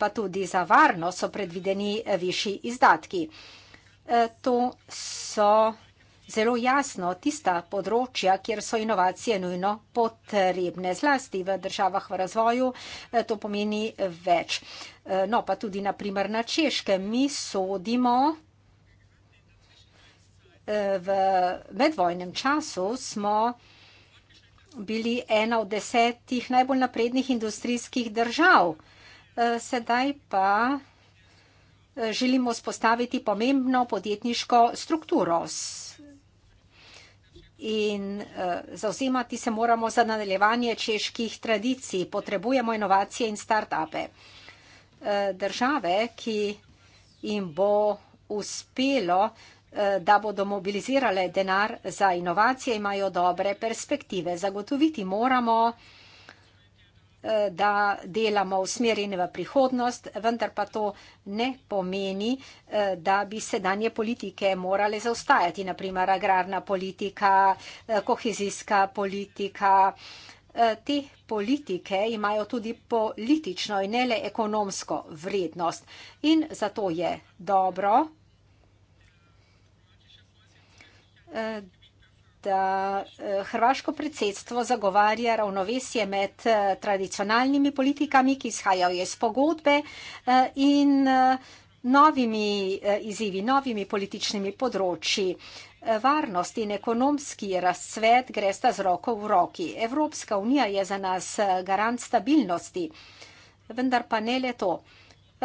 pa tudi za varno so predvideni višji izdatki. To so vse zelo jasno tista področja, kjer so inovacije nujno potrebne, zlasti v državah v razvoju, e, to pomeni več. E, no, pa tudi naprimer na Češke mi sodimo e, v medvojnem času smo bili ena od desetih najbolj naprednih industrijskih držav. Sedaj pa želimo spostaviti pomembno podjetniško strukturo in uh, eh, zauzemati se moramo za nadaljevanje čeških tradicij. Potrebujemo inovacije in start-upe. Uh, države, ki jim bo uspelo, uh, da bodo mobilizirale denar za inovacije, imajo dobre perspektive. Zagotoviti moramo uh, Eh, da delamo v smeri in v prihodnost, vendar pa to ne pomeni, eh, da bi sedanje politike morale zaustajati, naprimer agrarna politika, eh, kohezijska politika. Te politike imajo tudi politično in ne le ekonomsko vrednost in zato je dobro, da eh, hrvaško predsedstvo zagovarja ravnovesje med eh, tradicionalnimi politikami, ki izhajajo iz pogodbe eh, in novimi izzivi, novimi političnimi področji. Varnost in ekonomski razcvet gre sta z roko v roki. Evropska unija je za nas garant stabilnosti, vendar pa ne le to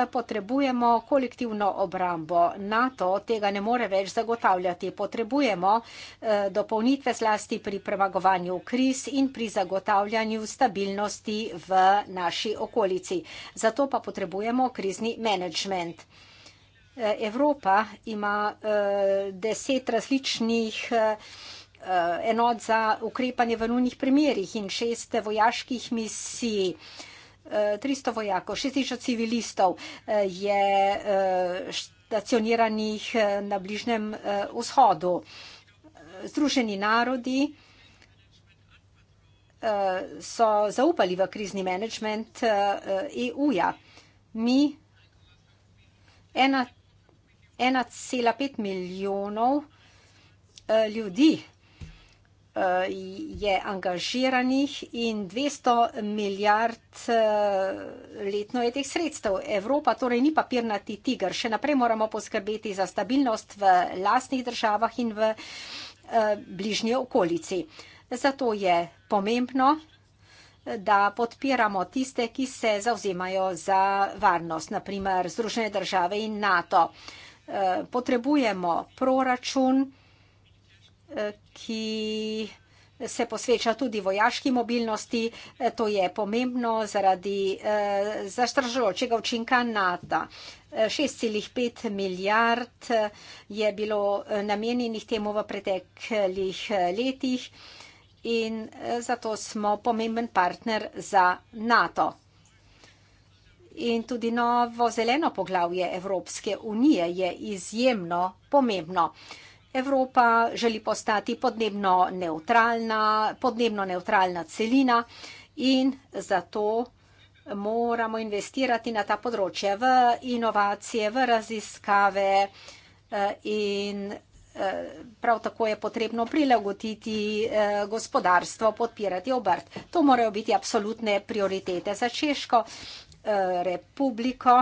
potrebujemo kolektivno obrambo. NATO tega ne more več zagotavljati. Potrebujemo eh, dopolnitve zlasti pri premagovanju kriz in pri zagotavljanju stabilnosti v naši okolici. Zato pa potrebujemo krizni management. Eh, Evropa ima eh, deset različnih enot za ukrepanje v nujnih primerjih in šest vojaških misij. 300 vojakov, 6000 civilistov eh, je eh, stacioniranih eh, na bližnjem vzhodu. Združeni narodi so zaupali v krizni management EU-ja. E Mi 1,5 milijonov ljudi Eh, je angažiranih in 200 milijard eh, letno je teh sredstev. Evropa torej ni papirnati tiger. Še naprej moramo poskrbeti za stabilnost v lastnih državah in v eh, bližnji okolici. Zato je pomembno, da podpiramo tiste, ki se zauzemajo za varnost, naprimer Združene države in NATO. Potrebujemo proračun, ki se posveča tudi vojaški mobilnosti. To je pomembno zaradi eh, zastražujočega učinka NATO. 6,5 milijard eh, je bilo eh, namenjenih temu v preteklih letih in zato smo pomemben partner za NATO. In tudi novo zeleno poglavje Evropske unije je izjemno pomembno. Evropa želi postati podnebno neutralna, podnebno neutralna celina in zato moramo investirati na ta področje v inovacije, v raziskave eh, in eh, prav tako je potrebno prilagotiti eh, gospodarstvo, podpirati obrt. To morajo biti absolutne prioritete za Češko republiko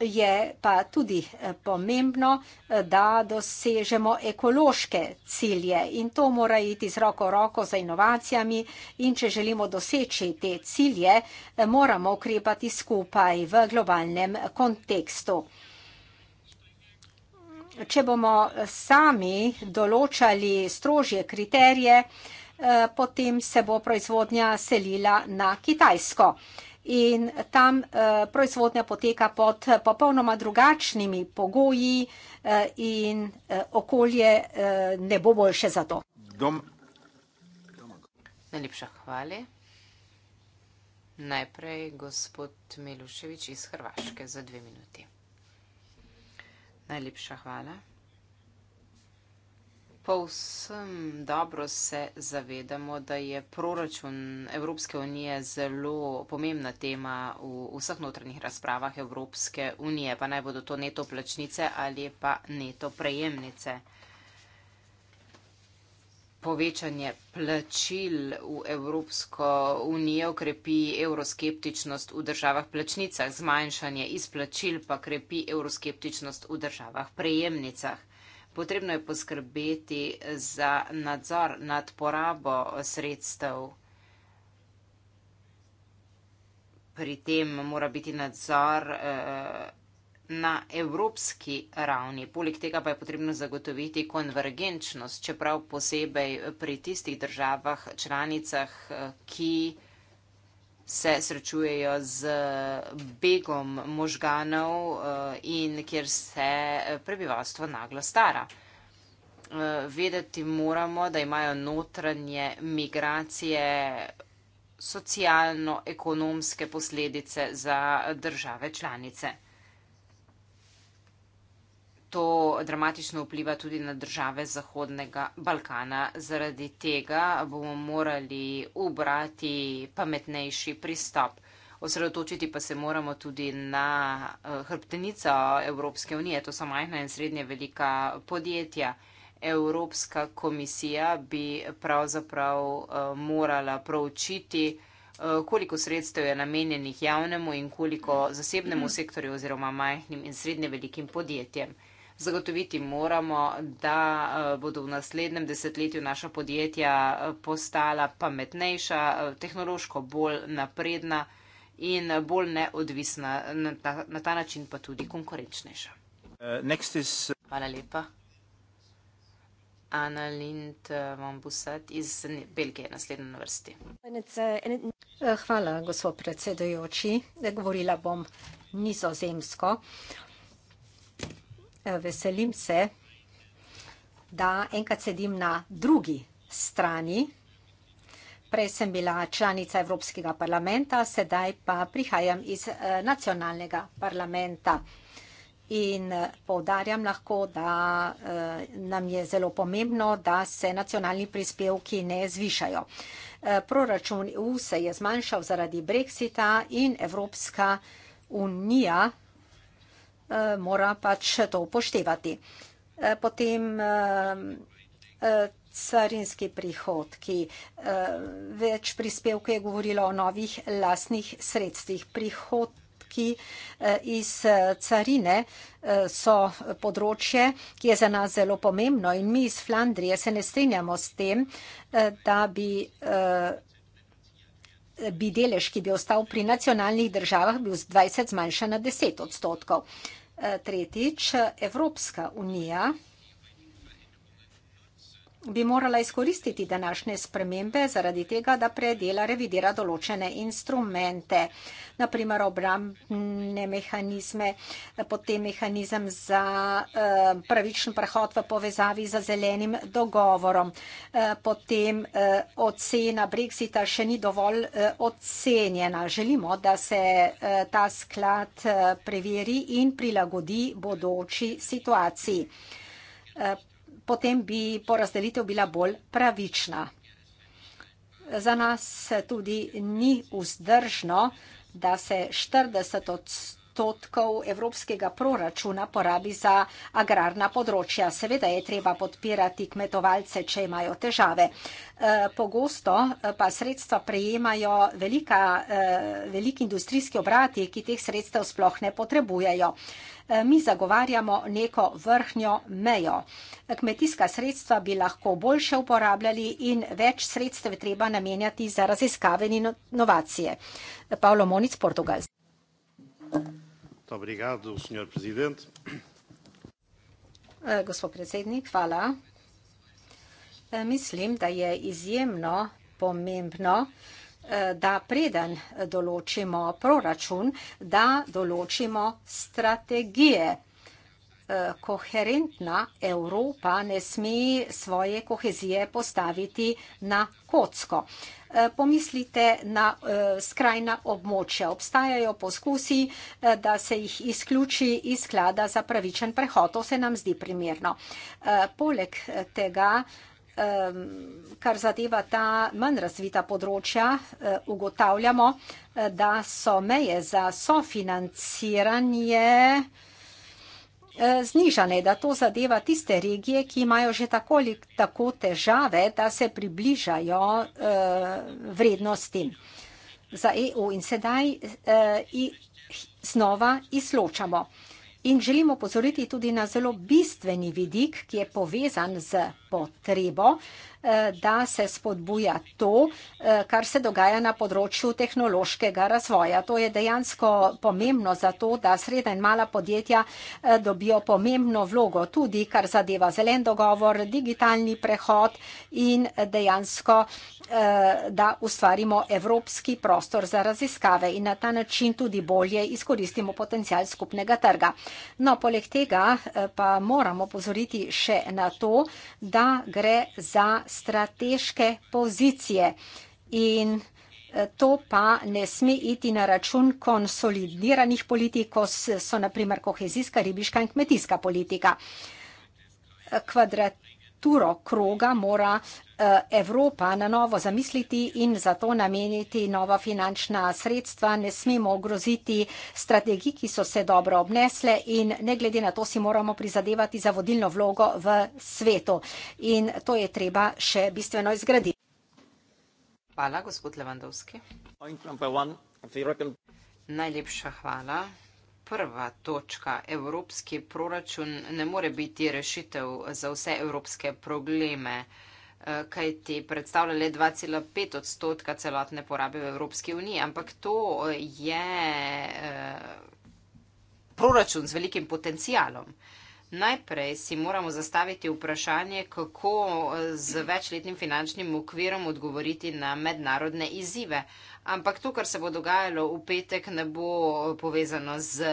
je pa tudi eh, pomembno, eh, da dosežemo ekološke cilje in to mora iti z roko v roko za inovacijami in če želimo doseči te cilje, eh, moramo ukrepati skupaj v globalnem kontekstu. Če bomo sami določali strožje kriterije, potem se bo proizvodnja selila na Kitajsko in tam eh, proizvodnja poteka pod eh, popolnoma drugačnimi pogoji eh, in okolje ne bo boljše za to. Najlepša hvala. Najprej gospod Miluševič iz Hrvaške za dve minuti. Najlepša hvala. Povsem dobro se zavedamo, da je proračun Evropske unije zelo pomembna tema v vseh notranjih razpravah Evropske unije, pa naj bodo to neto plačnice ali pa neto prejemnice. Povečanje plačil v Evropsko unijo krepi euroskeptičnost v državah plačnicah, zmanjšanje izplačil pa krepi euroskeptičnost v državah prejemnicah. Potrebno je poskrbeti za nadzor nad porabo sredstev. Pri tem mora biti nadzor eh, na evropski ravni. Poleg tega pa je potrebno zagotoviti konvergenčnost, čeprav posebej pri tistih državah članicah, eh, ki se srečujejo z begom možganov eh, in kjer se eh, prebivalstvo naglo stara. Eh, vedeti moramo, da imajo notranje migracije socialno-ekonomske posledice za države članice to dramatično vpliva tudi na države Zahodnega Balkana. Zaradi tega bomo morali ubrati pametnejši pristop. Osredotočiti pa se moramo tudi na eh, hrbtenico Evropske unije, to so majhna in srednje velika podjetja. Evropska komisija bi pravzaprav eh, morala proučiti, eh, koliko sredstev je namenjenih javnemu in koliko zasebnemu sektorju oziroma majhnim in srednje velikim podjetjem. Zagotoviti moramo, da eh, bodo v naslednjem desetletju naša podjetja eh, postala pametnejša, eh, tehnološko bolj napredna in bolj neodvisna, na ta način pa tudi konkurenčnejša. Hvala lepa. Ana Lind Mambusat iz Belgije, naslednja na vrsti. Hvala, gospod predsedujoči. Govorila bom nizozemsko veselim se, da enkrat sedim na drugi strani. Prej sem bila članica Evropskega parlamenta, sedaj pa prihajam iz eh, nacionalnega parlamenta. In eh, poudarjam lahko, da eh, nam je zelo pomembno, da se nacionalni prispevki ne zvišajo. Proračun EU se je zmanjšal zaradi Brexita in Evropska unija Eh, mora pač to upoštevati. Eh, potem eh, carinski prihodki. Več prispevkov je govorilo o novih lastnih sredstvih. Prihodki iz carine so področje, ki je za nas zelo pomembno in mi iz Flandrije se ne strinjamo s tem, da bi prihodki bi delež, ki bi ostal pri nacionalnih državah, bil z 20 zmanjšan na 10 odstotkov. E, tretjič, Evropska unija bi morala izkoristiti današnje spremembe zaradi tega, da predela revidira določene instrumente, naprimer obramne mehanizme, potem mehanizem za eh, pravičen prehod v povezavi za zelenim dogovorom, eh, potem eh, ocena Brexita še ni dovolj ocenjena. Želimo, da se ta sklad preveri in prilagodi bodoči situaciji potem bi porazdelitev bila bolj pravična. Za nas tudi ni vzdržno, da se 40 odstotkov odstotkov evropskega proračuna porabi za agrarna področja. Seveda je treba podpirati kmetovalce, če imajo težave. Eh, pogosto eh, pa sredstva prejemajo velika, eh, veliki industrijski obrati, ki teh sredstev sploh ne potrebujejo. Mi zagovarjamo neko vrhnjo mejo. Kmetijska sredstva bi lahko boljše uporabljali in več sredstev treba namenjati za raziskave in inovacije. Paolo Monic, Portugalska. thank you Muito obrigado, Sr. Presidente. Eh, gospod predsednik, hvala. Eh, mislim, da je izjemno pomembno, eh, da preden določimo proračun, da določimo strategije. Koherentna Evropa ne sme svoje kohezije postaviti na kocko. Eh, pomislite na eh, skrajna območja. Obstajajo poskusi, eh, da se jih izključi iz sklada za pravičen prehod. To se nam zdi primerno. Poleg tega ehm, kar zadeva ta manj razvita področja, ugotavljamo, da so meje za sofinanciranje Eh, znižane, da to zadeva tiste regije, ki imajo že tako ali tako težave, da se približajo eh, vrednosti za EU. In sedaj eh, znova izločamo. In želimo pozoriti tudi na zelo bistveni vidik, ki je povezan z potrebo Eh, da se spodbuja to, eh, kar se dogaja na področju tehnološkega razvoja. To je dejansko pomembno za to, da sreda in mala podjetja eh, dobijo pomembno vlogo tudi, kar zadeva zelen dogovor, digitalni prehod in dejansko, da ustvarimo evropski prostor za raziskave in na ta način tudi bolje izkoristimo potencijal skupnega trga. No, poleg tega pa moramo pozoriti še na to, da gre za strateške pozicije in eh, To pa ne sme iti na račun konsolidiranih politik, ko so naprimer kohezijska, ribiška in kmetijska politika. Kvadrat, strukturo kroga mora eh, Evropa na novo zamisliti in za to nameniti nova finančna sredstva. Ne smemo ogroziti strategij, ki so se dobro obnesle in ne glede na to si moramo prizadevati za vodilno vlogo v svetu. In to je treba še bistveno izgraditi. Hvala, gospod Levandovski. Najlepša hvala prva točka. Evropski proračun ne more biti rešitev za vse evropske probleme, eh, kaj ti predstavlja le 2,5 odstotka celotne porabe v Evropski uniji, ampak to je eh, proračun z velikim potencialom. Uh, Najprej si moramo zastaviti vprašanje, kako z večletnim finančnim okvirom odgovoriti na mednarodne izzive. Ampak to, kar se bo dogajalo v petek, ne bo povezano z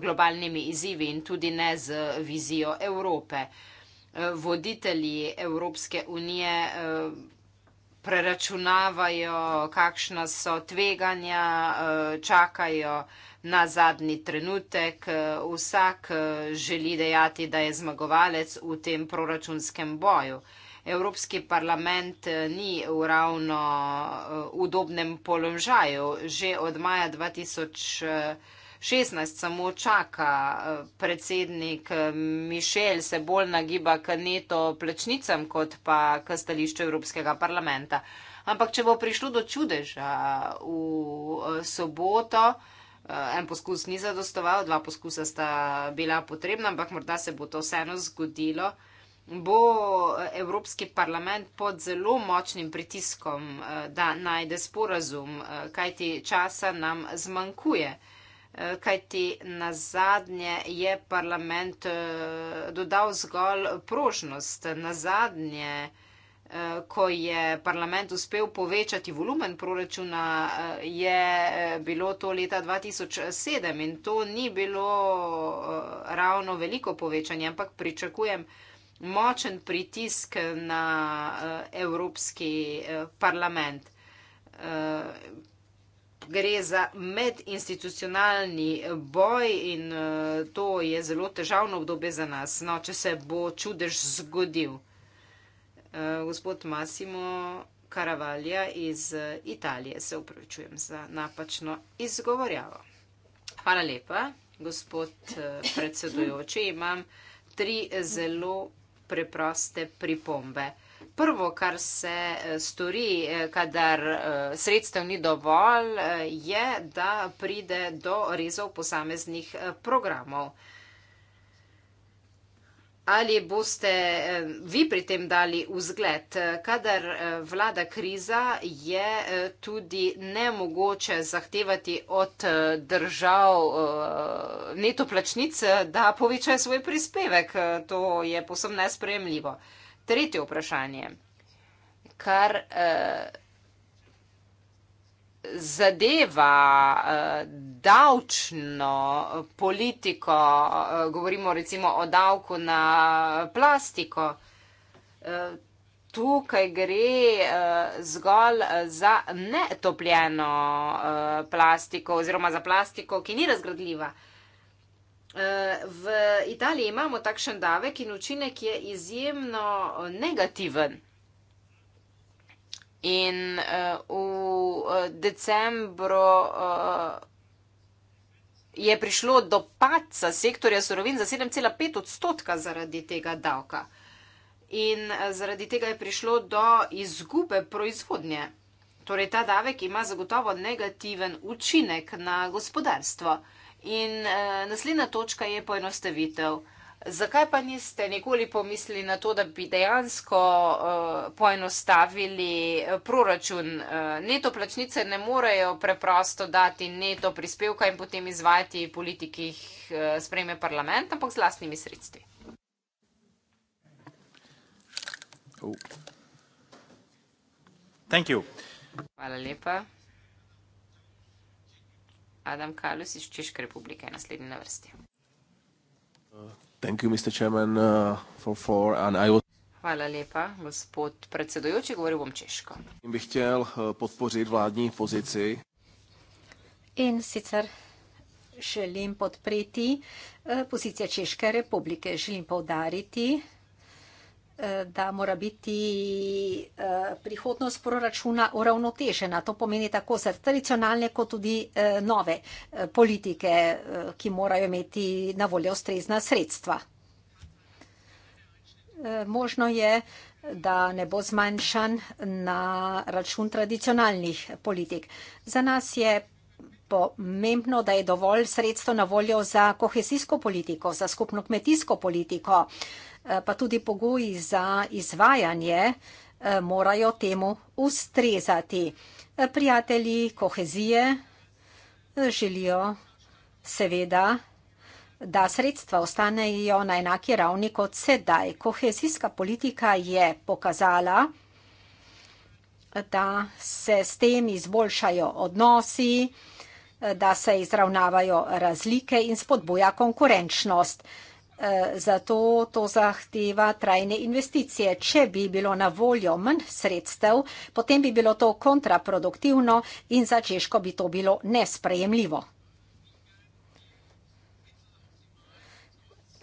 globalnimi izzivi in tudi ne z vizijo Evrope. Voditelji Evropske unije preračunavajo, kakšna so tveganja, eh, čakajo na zadnji trenutek. Eh, vsak eh, želi dejati, da je zmagovalec v tem proračunskem boju. Evropski parlament ni v ravno udobnem položaju. Že od maja 2000. 16 samo čaka, eh, predsednik eh, Mišel se bolj nagiba k neto plačnicam, kot pa k stališču Evropskega parlamenta. Ampak, če bo prišlo do čudeža eh, v soboto, en poskus ni zadostoval, dva poskusa sta bila potrebna, ampak morda se bo to vseeno zgodilo, bo Evropski parlament pod zelo močnim pritiskom, da najde sporazum, kajti časa nam zmanjkuje kajti na zadnje je parlament eh, dodal zgolj prožnost. Na zadnje, eh, ko je parlament uspel povečati volumen proračuna, eh, je bilo to leta 2007 in to ni bilo ravno veliko povečanje, ampak pričakujem močen pritisk na Evropski parlament gre za medinstitucionalni boj in eh, to je zelo težavno obdobje za nas, no, če se bo čudež zgodil. Eh, gospod Massimo Caravaglia iz eh, Italije, se upravičujem za napačno izgovorjavo. Hvala lepa, gospod predsedujoči, imam tri zelo preproste pripombe. Prvo, kar se eh, stori, eh, kadar eh, sredstev ni dovolj, je, da pride do rezov posameznih programov. Ali boste vi pri tem dali vzgled, kadar vlada kriza, je tudi nemogoče zahtevati od držav netoplačnic, da povečajo svoj prispevek. To je posebno nespremljivo tretje vprašanje, kar eh, zadeva eh, davčno eh, politiko, eh, govorimo recimo o davku na plastiko. Eh, Tukaj gre uh, zgolj eh, za netopljeno uh, plastiko oziroma za plastiko, ki ni razgradljiva. Uh, V Italiji imamo takšen davek in učinek je izjemno negativen. In eh, v eh, decembru eh, je prišlo do paca sektorja surovin za 7,5 odstotka zaradi tega davka. In zaradi tega je prišlo do izgube proizvodnje. Torej, ta davek ima zagotovo negativen učinek na gospodarstvo. Uh, In uh, naslednja točka je poenostavitev. Zakaj pa niste nikoli pomislili na to, da bi dejansko uh, poenostavili eh, proračun? Uh, neto plačnice ne morejo preprosto dati neto prispevka in potem izvajati politiki, ki jih uh, sprejme parlament, ampak z lastnimi sredstvi. Uh. Hvala lepa. Adam Kalus iz Češke republike, naslednji na vrsti. Uh, Hvala lepa, gospod predsedujoči, govoril bom češko. In bi htjel uh, podporiti vladni poziciji. In sicer želim podpreti uh, pozicijo Češke republike. Želim povdariti, Eh, da mora biti eh, prihodnost proračuna uravnotežena. To pomeni tako za tradicionalne kot tudi eh, nove politike, ki morajo imeti na voljo ustrezna sredstva. Možno je, da ne bo zmanjšan na račun tradicionalnih politik. Za nas je pomembno, da je dovolj sredstvo na voljo za kohesijsko politiko, za skupno kmetijsko politiko, politiko, Eh, pa tudi pogoji za izvajanje eh, morajo temu ustrezati. Eh, prijatelji kohezije želijo seveda, da sredstva ostanejo na enaki ravni kot sedaj. Kohezijska politika je pokazala, da se s tem izboljšajo odnosi, da se izravnavajo razlike in spodbuja konkurenčnost. Eh, zato to zahteva trajne investicije. Če bi bilo na voljo manj sredstev, potem bi bilo to kontraproduktivno in za Češko bi to bilo nesprejemljivo.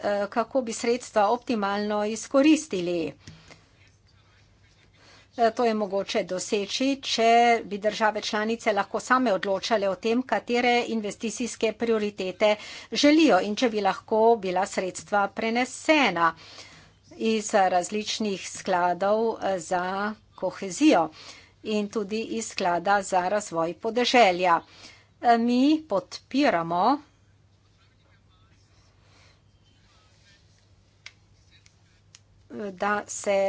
Eh, kako bi sredstva optimalno izkoristili? Eh, to je mogoče doseči, če bi države članice lahko same odločale o tem, katere investicijske prioritete želijo in če bi lahko bila sredstva prenesena iz različnih skladov eh, za kohezijo in tudi iz sklada za razvoj podeželja. Eh, mi podpiramo da se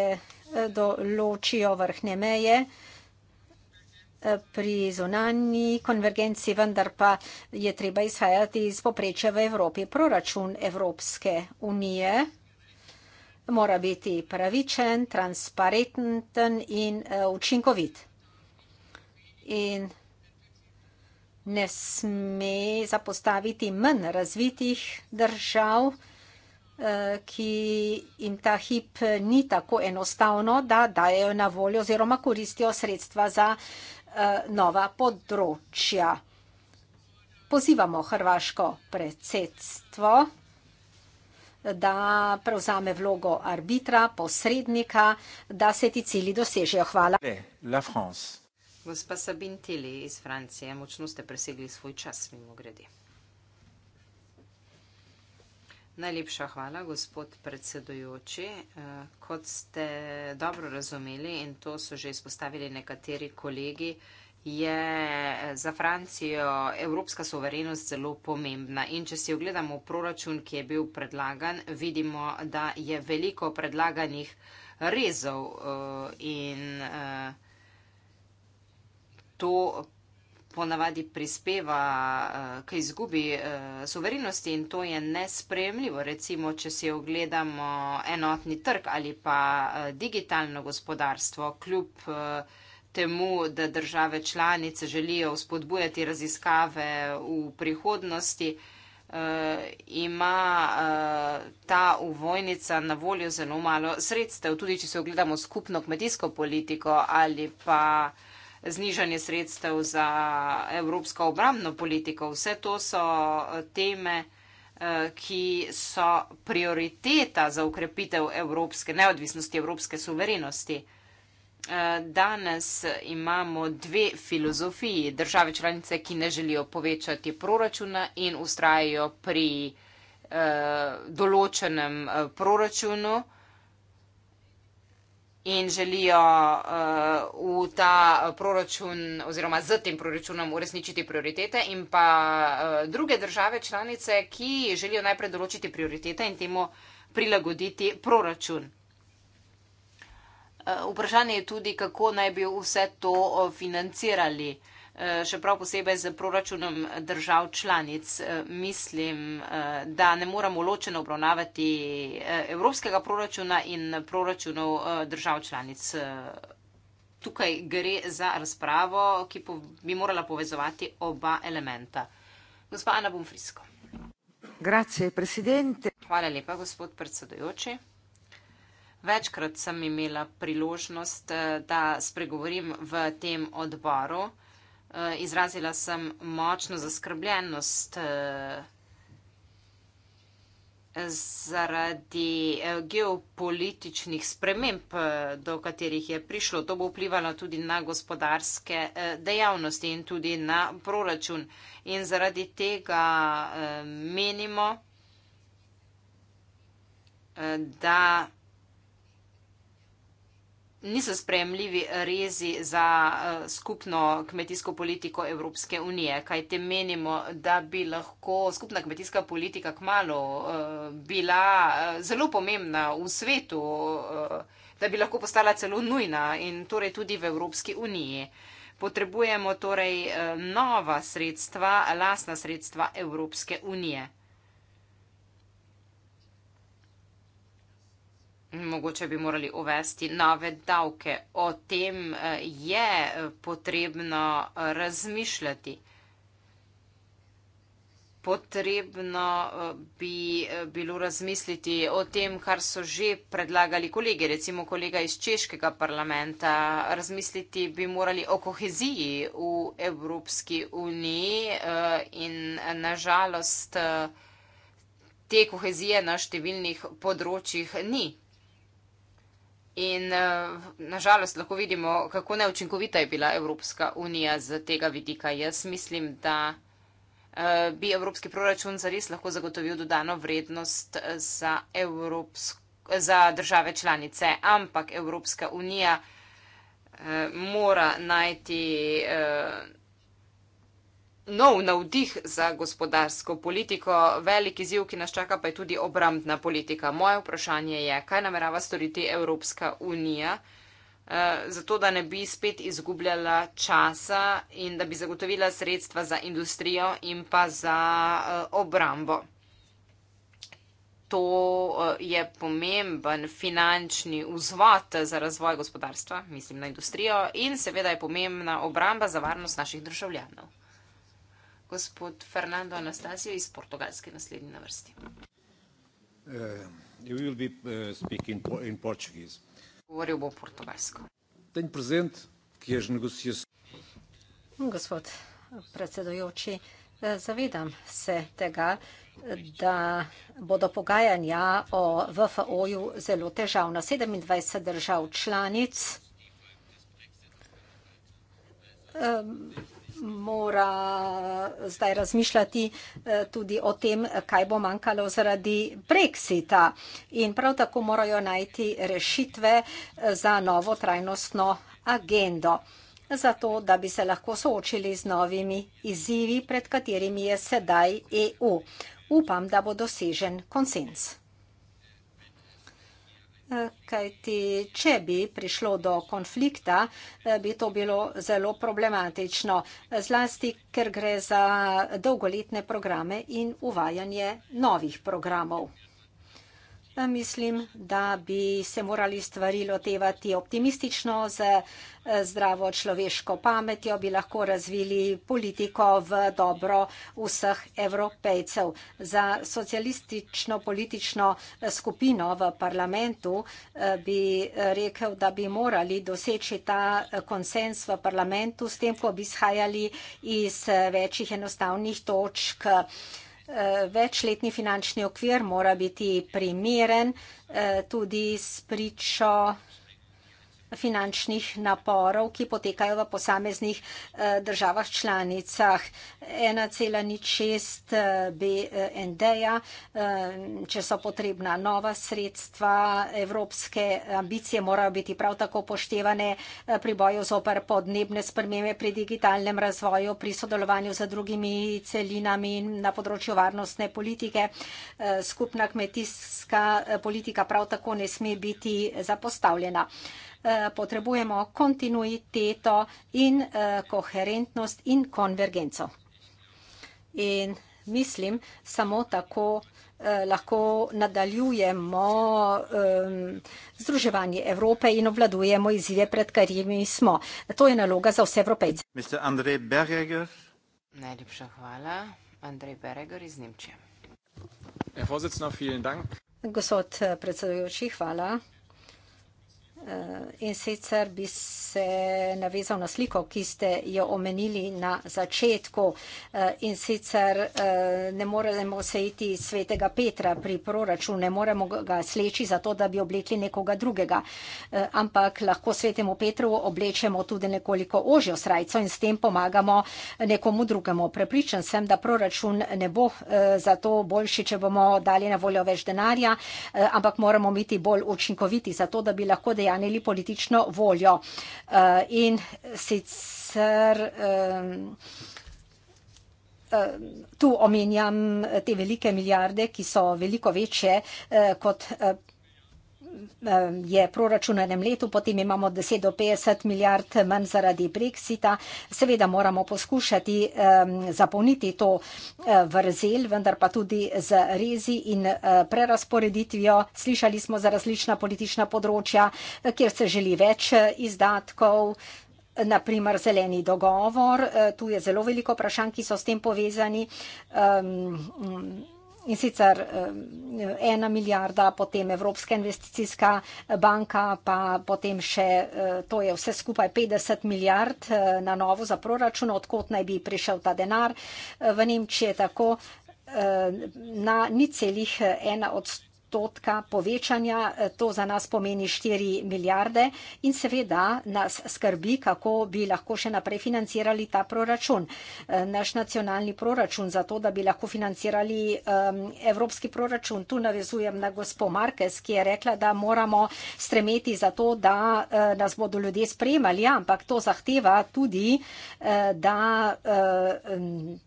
določijo vrhne meje eh, pri zunanji konvergenci, vendar pa je treba izhajati iz poprečja v Evropi. Proračun Evropske unije mora biti pravičen, transparenten in eh, učinkovit. In ne sme zapostaviti manj razvitih držav, ki je vrhne meje. Eh, ki jim ta hip ni tako enostavno, da dajo na voljo oziroma koristijo sredstva za eh, nova področja. Pozivamo hrvaško predsedstvo, da prevzame vlogo arbitra, posrednika, da se ti cili dosežejo. Hvala. Gospa Sabin Tili iz Francije, močno ste presegli svoj čas, mimo grede. Najlepša hvala, gospod predsedujoči. Eh, kot ste dobro razumeli in to so že izpostavili nekateri kolegi, je za Francijo evropska soverenost zelo pomembna. In če si ogledamo proračun, ki je bil predlagan, vidimo, da je veliko predlaganih rezov eh, in eh, to ponavadi prispeva eh, k izgubi eh, soverenosti in to je nespremljivo. Recimo, če si ogledamo enotni trg ali pa eh, digitalno gospodarstvo, kljub temu, da države članice želijo spodbujati raziskave v prihodnosti, ima ta uvojnica na voljo zelo malo sredstev. Tudi, če se ogledamo skupno kmetijsko politiko ali pa znižanje sredstev za evropsko obramno politiko. Vse to so eh, teme eh, ki so prioriteta za ukrepitev evropske, neodvisnosti evropske suverenosti. Eh, danes imamo dve filozofiji države članice, ki ne želijo povečati proračuna in ustrajajo pri eh, določenem proračunu. Eh, in želijo uh, v ta proračun oziroma z tem proračunom uresničiti prioritete in pa uh, druge države članice, ki želijo najprej določiti prioritete in temu prilagoditi proračun. Uh, vprašanje je tudi, kako naj bi vse to financirali. Uh, Eh, še prav posebej z proračunom držav članic. Eh, mislim, eh, da ne moramo ločeno obravnavati evropskega proračuna in proračunov držav članic. Tukaj gre za razpravo, ki bi morala povezovati oba elementa. Gospa Ana Bumfrisko. Hvala lepa, gospod predsedujoči. Večkrat sem imela priložnost, da spregovorim v tem odboru. Eh, izrazila sem močno zaskrbljenost eh, zaradi eh, geopolitičnih sprememb, do katerih je prišlo. To bo vplivalo tudi na gospodarske dejavnosti in tudi na proračun. In zaradi tega menimo, da niso spremljivi rezi za eh, skupno kmetijsko politiko Evropske unije, kaj te menimo, da bi lahko skupna kmetijska politika kmalo eh, bila eh, zelo pomembna v svetu, da bi lahko postala celo nujna in torej tudi v Evropski uniji. Potrebujemo torej nova sredstva, lasna sredstva Evropske unije. Mogoče bi morali uvesti nove davke. O tem eh, je eh, potrebno eh, razmišljati. Potrebno bi bilo razmisliti o tem, kar so že predlagali kolege, recimo kolega iz Češkega parlamenta. Razmisliti bi morali o koheziji v Evropski uniji in nažalost te kohezije na številnih področjih ni. In eh, nažalost lahko vidimo, kako neučinkovita je bila Evropska unija z tega vidika. Jaz mislim, da eh, bi Evropski proračun zares lahko zagotovil dodano vrednost eh, za, Evropsk za države članice, ampak Evropska unija mora najti nov navdih za gospodarsko politiko, veliki ziv, ki nas čaka, pa je tudi obrambna politika. Moje vprašanje je, kaj namerava storiti Evropska unija, eh, zato da ne bi spet izgubljala časa in da bi zagotovila sredstva za industrijo in pa za eh, obrambo. To eh, je pomemben finančni vzvod za razvoj gospodarstva, mislim na industrijo, in seveda je pomembna obramba za varnost naših državljanov. Gospod Fernando Anastasio iz Portugalske, naslednji na vrsti. Uh, will be, uh, speak in, in Portuguese. Govoril bo portugalsko. Tenj prezent, ki je že negocijas. Gospod predsedojoči, eh, zavedam se tega, da bodo pogajanja o VFO-ju zelo težavna. 27 držav članic um, mora eh, zdaj razmišljati eh, tudi o tem, kaj bo manjkalo zaradi Brexita in prav tako morajo najti rešitve eh, za novo trajnostno agendo, zato da bi se lahko soočili z novimi izzivi, pred katerimi je sedaj EU. Upam, da bo dosežen konsens kajti če bi prišlo do konflikta, eh, bi to bilo zelo problematično, zlasti ker gre za dolgoletne programe in uvajanje novih programov mislim, da bi se morali stvari lotevati optimistično z eh, zdravo človeško pametjo, bi lahko razvili politiko v dobro vseh evropejcev. Za socialistično politično eh, skupino v parlamentu eh, bi rekel, da bi morali doseči ta konsens v parlamentu s tem, ko bi izhajali iz večjih enostavnih točk. Eh, večletni finančni okvir mora biti primeren eh, tudi s pričo finančnih naporov, ki potekajo v posameznih eh, državah članicah. 1,6 eh, BND-ja, eh, če so potrebna nova sredstva, evropske ambicije morajo biti prav tako poštevane pri boju z opr podnebne spremembe, pri digitalnem razvoju, pri sodelovanju z drugimi celinami na področju varnostne politike. Skupna kmetijska politika prav tako ne sme biti zapostavljena. Eh, potrebujemo kontinuiteto in eh, koherentnost in konvergenco. In mislim, samo tako eh, lahko nadaljujemo ehm, združevanje Evrope in obvladujemo izzive, pred katerimi smo. To je naloga za vse Evropejce. Najlepša hvala. Andrej Bereger iz Nemčije. Gospod predsedujoči, hvala. Eh, in sicer bi se navezal na sliko, ki ste jo omenili na začetku. Eh, in sicer eh, ne moremo sejti svetega Petra pri proračunu, ne moremo ga sleči zato, da bi oblekli nekoga drugega. Ampak lahko svetemu Petru oblečemo tudi nekoliko ožjo srajco in s tem pomagamo nekomu drugemu. Prepričan sem, da proračun ne bo zato boljši, če bomo dali na voljo več denarja, ampak moramo biti bolj učinkoviti zato, da bi lahko dejali, udejanili politično voljo. Eh, in sicer tu omenjam te velike milijarde, ki so veliko večje eh, kot. Eh, je proračun enem letu, potem imamo 10 do 50 milijard manj zaradi Brexita. Seveda moramo poskušati zapolniti to eh, vrzel, vendar pa tudi z rezi in eh, prerasporeditvijo. Slišali smo za različna politična področja, eh, kjer se želi več izdatkov. Naprimer, zeleni dogovor, tu je zelo veliko vprašanj, ki so s tem povezani. Um, um in sicer eh, ena milijarda, potem Evropska investicijska eh, banka, pa potem še, eh, to je vse skupaj 50 milijard na novo za proračun, odkot naj bi prišel ta denar. V Nemčiji je tako na ni celih ena odstotka odstotka povečanja, eh, to za nas pomeni 4 milijarde in seveda nas skrbi, kako bi lahko še naprej financirali ta proračun. Eh, naš nacionalni proračun za to, da bi lahko financirali evropski proračun, tu navezujem na gospod Markes, ki je rekla, da moramo stremeti za to, da eh, nas bodo ljudje spremali, ampak to zahteva tudi, da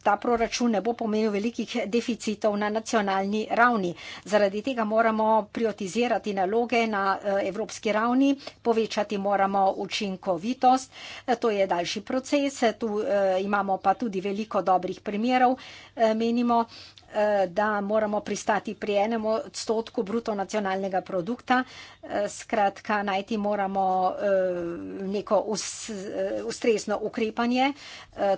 ta proračun ne bo pomenil velikih deficitov na nacionalni ravni. Zaradi tega moramo moramo prioritizirati naloge na eh, evropski ravni, povečati moramo učinkovitost. Eh, to je daljši proces, tu eh, imamo pa tudi veliko dobrih primerov, menimo. Eh, da moramo pristati pri enem odstotku bruto nacionalnega produkta. Eh, skratka, najti moramo eh, neko ustrezno ukrepanje.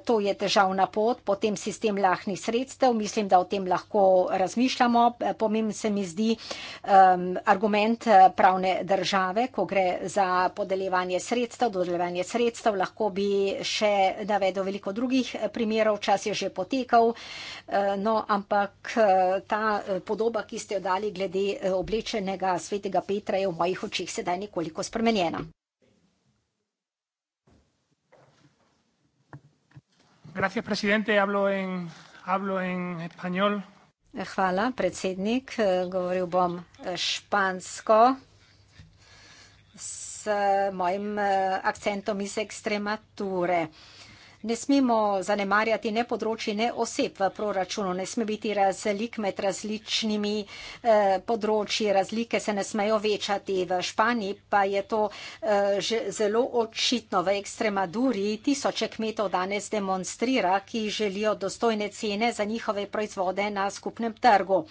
To je težavna pot, potem sistem lahnih sredstev. Mislim, da o tem lahko razmišljamo. Pomembno se mi zdi ehm, argument pravne države, ko gre za podeljevanje sredstev, dodeljevanje sredstev. Lahko bi še navedel veliko drugih primerov, čas je že potekal. No, ampak ampak eh, ta eh, podoba, ki ste jo dali glede eh, oblečenega svetega Petra, je v mojih očih sedaj nekoliko spremenjena. Gracias, presidente. Hablo en, hablo en español. Hvala, predsednik. Govoril bom špansko s mojim akcentom iz ekstremature. Ne smemo zanemarjati ne področji, ne oseb v proračunu, ne sme biti razlik med različnimi eh, področji, razlike se ne smejo večati. V Španiji pa je to eh, zelo očitno. V Ekstremaduri tisoče kmetov danes demonstrira, ki želijo dostojne cene za njihove proizvode na skupnem trgu.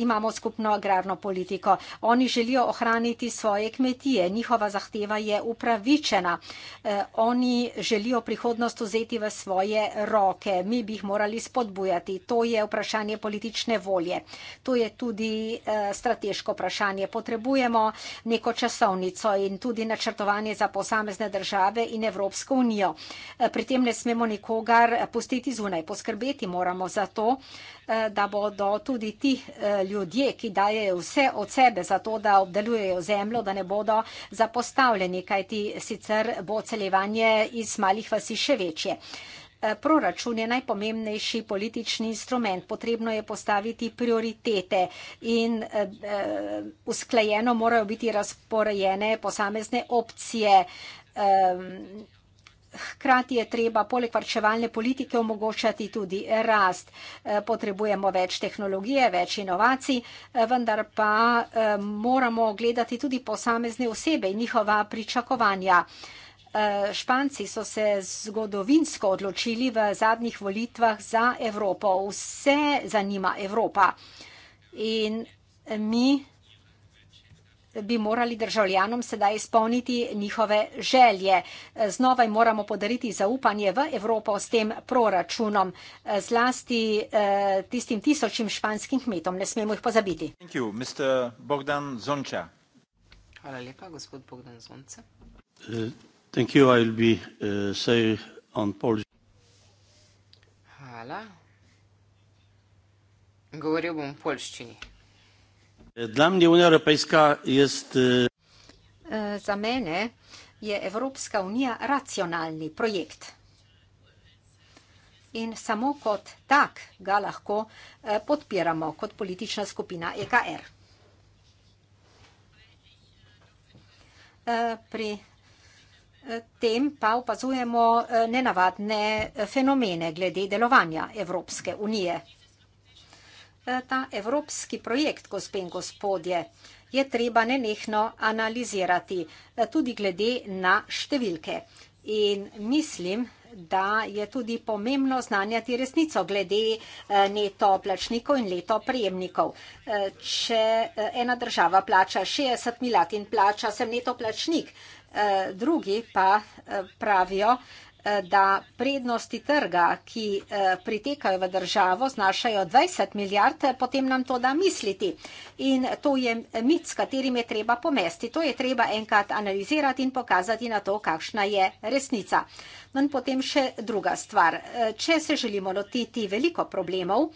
Imamo skupno agrarno politiko. Oni želijo ohraniti svoje kmetije. Njihova zahteva je upravičena. Eh, oni želijo prihodnost vzeti vzeti v svoje roke. Mi bi jih morali spodbujati. To je vprašanje politične volje. To je tudi eh, strateško vprašanje. Potrebujemo neko časovnico in tudi načrtovanje za posamezne države in Evropsko unijo. Eh, pri tem ne smemo nikogar eh, pustiti zunaj. Poskrbeti moramo za to, da bodo tudi ti ljudje, ki dajejo vse od sebe za to, da obdelujejo zemljo, da ne bodo zapostavljeni, kajti sicer bo celjevanje iz malih vasi še večje unije. Eh, proračun je najpomembnejši politični instrument. Potrebno je postaviti prioritete in eh, eh, usklajeno morajo biti razporejene posamezne opcije. Ehm, hkrati je treba poleg varčevalne politike omogočati tudi rast. Potrebujemo več tehnologije, več inovacij, vendar pa moramo gledati tudi posamezne osebe in njihova pričakovanja. Eh, Španci so se zgodovinsko odločili v zadnjih volitvah za Evropo. Vse zanima Evropa in mi bi morali državljanom sedaj izpolniti njihove želje. Eh, Znova jim moramo podariti zaupanje v Evropo s tem proračunom, eh, zlasti tistim tisočim španskim kmetom. Ne smemo jih pozabiti. You, Hvala lepa, gospod Bogdan Zonca. Uh. Thank you. I'll be uh, say on Polish. Hvala. Govoril bom v polščini. E, dla mnie Unia Europejska jest... E, e, za mene je Evropska unija racionalni projekt. In samo kot tak ga lahko e, podpiramo kot politična skupina EKR. E, pri tem pa opazujemo eh, nenavadne eh, fenomene glede delovanja Evropske unije. Eh, ta evropski projekt, gospe in gospodje, je treba nenehno analizirati tudi glede na številke. In mislim, da je tudi pomembno znanjati resnico glede neto plačnikov in leto prejemnikov. Če ena država plača 60 milijard in plača sem neto plačnik, Eh, drugi pa eh, pravijo, eh, da prednosti trga, ki pritekajo v državo, znašajo 20 milijard, potem nam to da misliti. In to je mit, s katerim je treba pomesti. To je treba enkrat analizirati in pokazati na to, kakšna je resnica. No in potem še druga stvar. Če se želimo lotiti veliko problemov,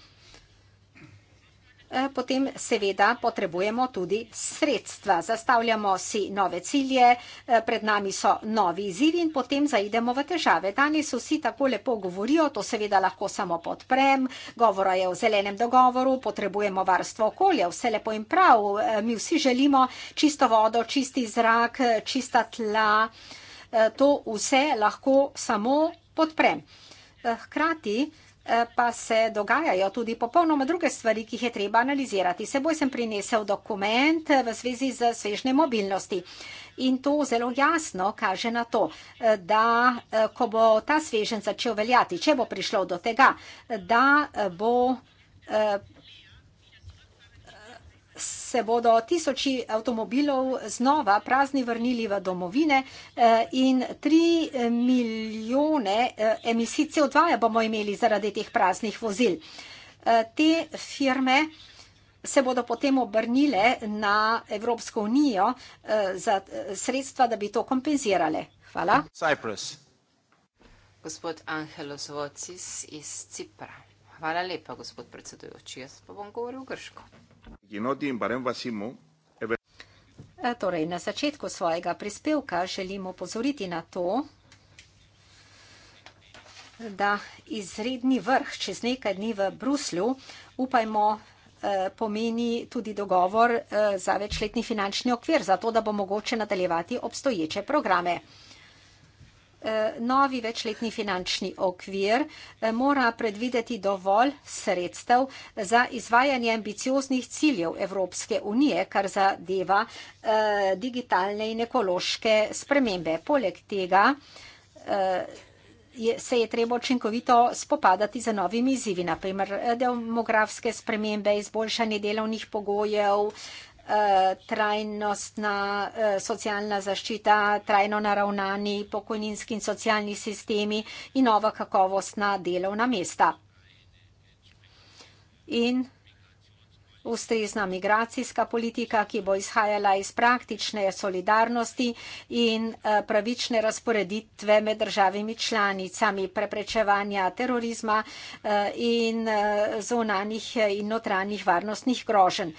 Eh, potem seveda potrebujemo tudi sredstva. Zastavljamo si nove cilje, eh, pred nami so novi izzivi in potem zaidemo v težave. Danes vsi tako lepo govorijo, to seveda lahko samo podprem, govora je o zelenem dogovoru, potrebujemo varstvo okolja, vse lepo in prav, eh, mi vsi želimo čisto vodo, čisti zrak, čista tla, to vse lahko samo podprem. Hkrati, pa se dogajajo tudi popolnoma druge stvari, ki jih je treba analizirati. Seboj sem prinesel dokument v zvezi z svežne mobilnosti in to zelo jasno kaže na to, da eh, ko bo ta svežen začel veljati, če bo prišlo do tega, da bo eh, se bodo tisoči avtomobilov znova prazni vrnili v domovine eh, in 3 eh, milijone eh, emisij CO2 bomo imeli zaradi teh praznih vozil. Te firme se bodo potem obrnile na Evropsko unijo za sredstva, da bi to kompenzirale. Hvala. Cyprus. Gospod Angelos Vocis iz Cipra. Hvala lepa, gospod predsedujoči. Jaz pa bom govoril grško. E, torej, na začetku svojega prispevka želim upozoriti na to, da izredni vrh čez nekaj dni v Bruslju, upajmo, e, pomeni tudi dogovor e, za večletni finančni okvir, zato da bo mogoče nadaljevati obstoječe programe. Eh, novi večletni finančni okvir eh, mora predvideti dovolj sredstev za izvajanje ambicioznih ciljev Evropske unije, kar zadeva eh, digitalne in ekološke spremembe. Poleg tega se je treba učinkovito spopadati z novimi izzivi, na primer demografske spremembe, izboljšanje delovnih pogojev, Eh, trajnostna eh, socialna zaščita, trajno naravnani pokojninski in socialni sistemi in nova kakovostna delovna mesta. In ustrezna migracijska politika, ki bo izhajala iz praktične solidarnosti in eh, pravične razporeditve med državami članicami preprečevanja terorizma eh, in eh, zonanih in notranjih varnostnih grožen.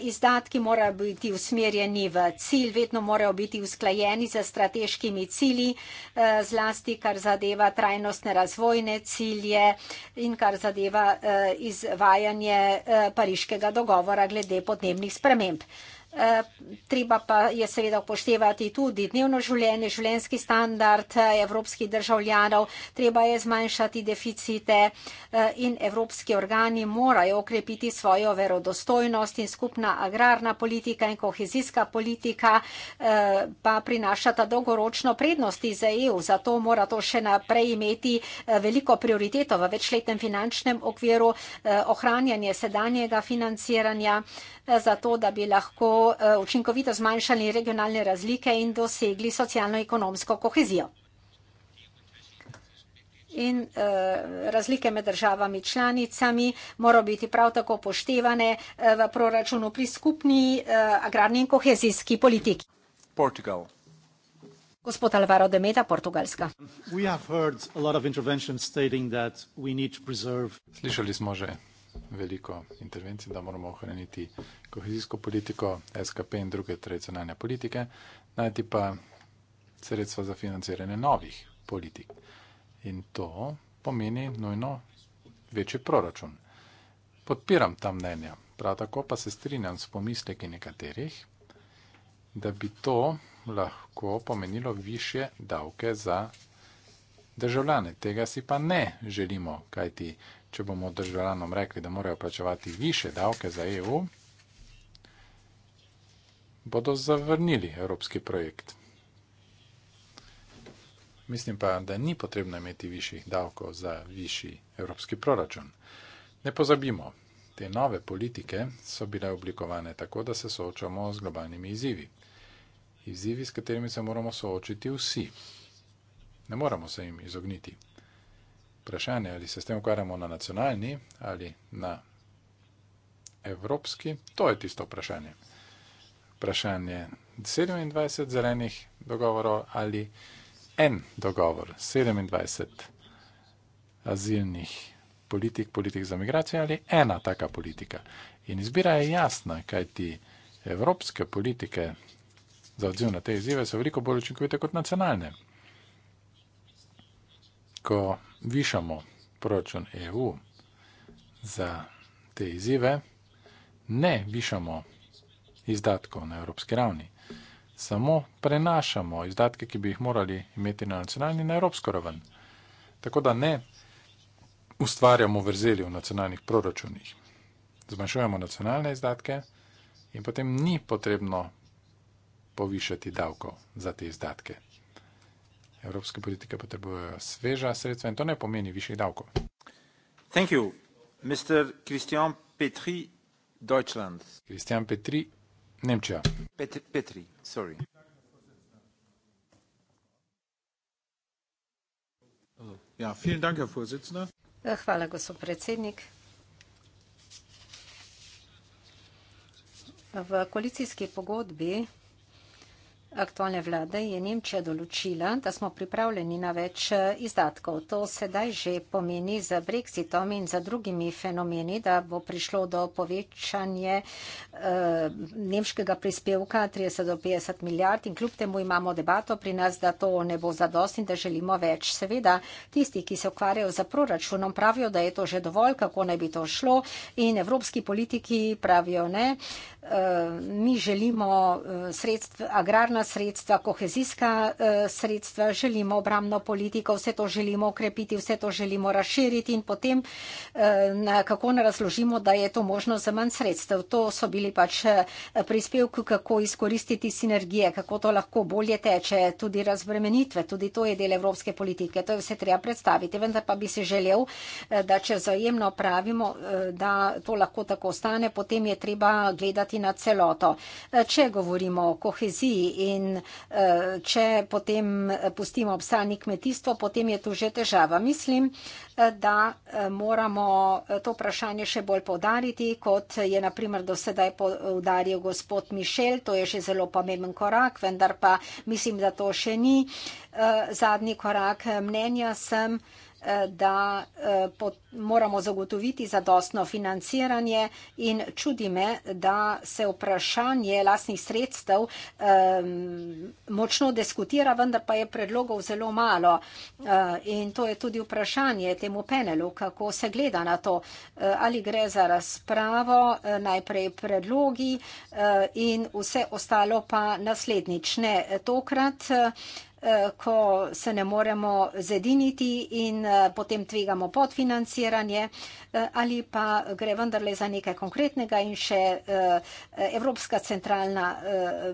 Izdatki morajo biti usmerjeni v cilj, vedno morajo biti usklajeni za strateškimi cilji, zlasti kar zadeva trajnostne razvojne cilje in kar zadeva izvajanje pariškega dogodka dogovora glede podnebnih sprememb. Eh, treba pa je seveda upoštevati tudi dnevno življenje, življenski standard eh, evropskih državljanov, treba je zmanjšati deficite eh, in evropski organi morajo okrepiti svojo verodostojnost in skupna agrarna politika in kohezijska politika pa prinašata dolgoročno prednosti za EU. Zato mora to še naprej imeti veliko prioriteto v večletnem finančnem okviru ohranjanje sedanjega financiranja, zato da bi lahko Eh, učinkovito zmanjšali regionalne razlike in dosegli socialno-ekonomsko kohezijo. In eh, razlike med državami članicami morajo biti prav tako poštevane eh, v proračunu pri skupni agrarni in kohezijski politiki. Portugal. Gospod Alvaro de Meta, Portugalska. Slišali smo že veliko intervencij, da moramo ohraniti kohezijsko politiko, SKP in druge tradicionalne politike, najti pa sredstva za financiranje novih politik. In to pomeni nujno večji proračun. Podpiram ta mnenja, prav tako pa se strinjam s pomisleki nekaterih, da bi to lahko pomenilo više davke za državljane. Tega si pa ne želimo, kajti če bomo državljanom rekli, da morajo plačevati više davke za EU, bodo zavrnili evropski projekt. Mislim pa, da ni potrebno imeti višjih davkov za višji evropski proračun. Ne pozabimo, te nove politike so bile oblikovane tako, da se soočamo z globalnimi izzivi. Izzivi, s katerimi se moramo soočiti vsi. Ne moramo se jim izogniti vprašanje, ali se s tem ukvarjamo na nacionalni ali na evropski, to je tisto vprašanje. Vprašanje 27 zelenih dogovorov ali en dogovor 27 azilnih politik, politik za migracijo ali ena taka politika. In izbira je jasna, kaj ti evropske politike za odziv na te izzive so veliko bolj učinkovite kot nacionalne ko višamo proračun EU za te izzive, ne višamo izdatkov na evropski ravni. Samo prenašamo izdatke, ki bi jih morali imeti na nacionalni, na evropsko raven. Tako da ne ustvarjamo vrzeli v nacionalnih proračunih. Zmanjšujemo nacionalne izdatke in potem ni potrebno povišati davkov za te izdatke. Evropske politike potrebujejo sveža sredstva in to ne pomeni višjih davkov. Thank you. Mr. Christian Petri, Deutschland. Christian Petri, Nemčija. Pet Petri, sorry. Ja, vielen Dank, Herr Vorsitzender. Ja, hvala, gospod predsednik. V koalicijski pogodbi aktualne vlade je Nemčija določila, da smo pripravljeni na več eh, izdatkov. To sedaj že pomeni za Brexitom in za drugimi fenomeni, da bo prišlo do povečanje uh, nemškega prispevka 30 do 50 milijard in kljub temu imamo debato pri nas, da to ne bo zadost in da želimo več. Seveda tisti, ki se ukvarjajo za proračunom, pravijo, da je to že dovolj, kako naj bi to šlo in evropski politiki pravijo ne. Uh, mi želimo uh, sredstva, agrarna sredstva, kohezijska eh, sredstva, želimo obramno politiko, vse to želimo okrepiti, vse to želimo razširiti in potem eh, kako ne razložimo, da je to možno za manj sredstev. To so bili pač eh, prispevki, kako izkoristiti sinergije, kako to lahko bolje teče, tudi razbremenitve, tudi to je del evropske politike, to je vse treba predstaviti. Vendar pa bi si želel, da če zajemno pravimo, da to lahko tako ostane, potem je treba gledati na celoto. Če govorimo o koheziji in in eh, če potem pustimo ob strani kmetijstvo, potem je tu že težava. Mislim, eh, da eh, moramo to vprašanje še bolj povdariti, kot je naprimer do sedaj povdaril gospod Mišel, to je že zelo pomemben korak, vendar pa mislim, da to še ni zadnji korak mnenja sem da eh, moramo zagotoviti zadostno financiranje in čudi me, da se vprašanje lasnih sredstev močno diskutira, vendar pa je predlogov zelo malo eh, in to je tudi vprašanje temu panelu, kako se gleda na to, eh, ali gre za razpravo, najprej predlogi in vse ostalo pa naslednjične. Tokrat Eh, ko se ne moremo zediniti in eh, potem tvegamo podfinanciranje eh, ali pa gre vendarle za nekaj konkretnega in še Evropska centralna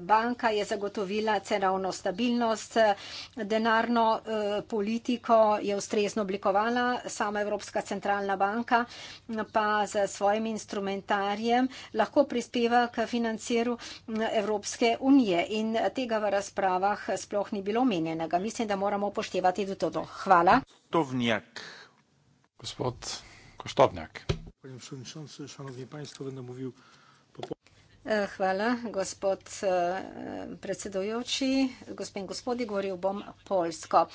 banka je zagotovila cenovno stabilnost, denarno politiko je ustrezno oblikovala sama Evropska centralna banka, pa z svojim instrumentarjem lahko prispeva k financiru Evropske unije in tega v razpravah sploh ni bilo meni omenjenega. Mislim, da moramo upoštevati tudi to. Hvala. Štovnjak. Gospod Koštovnjak. E, hvala, gospod e, predsedujoči, gospe in gospodi, govoril bom polsko.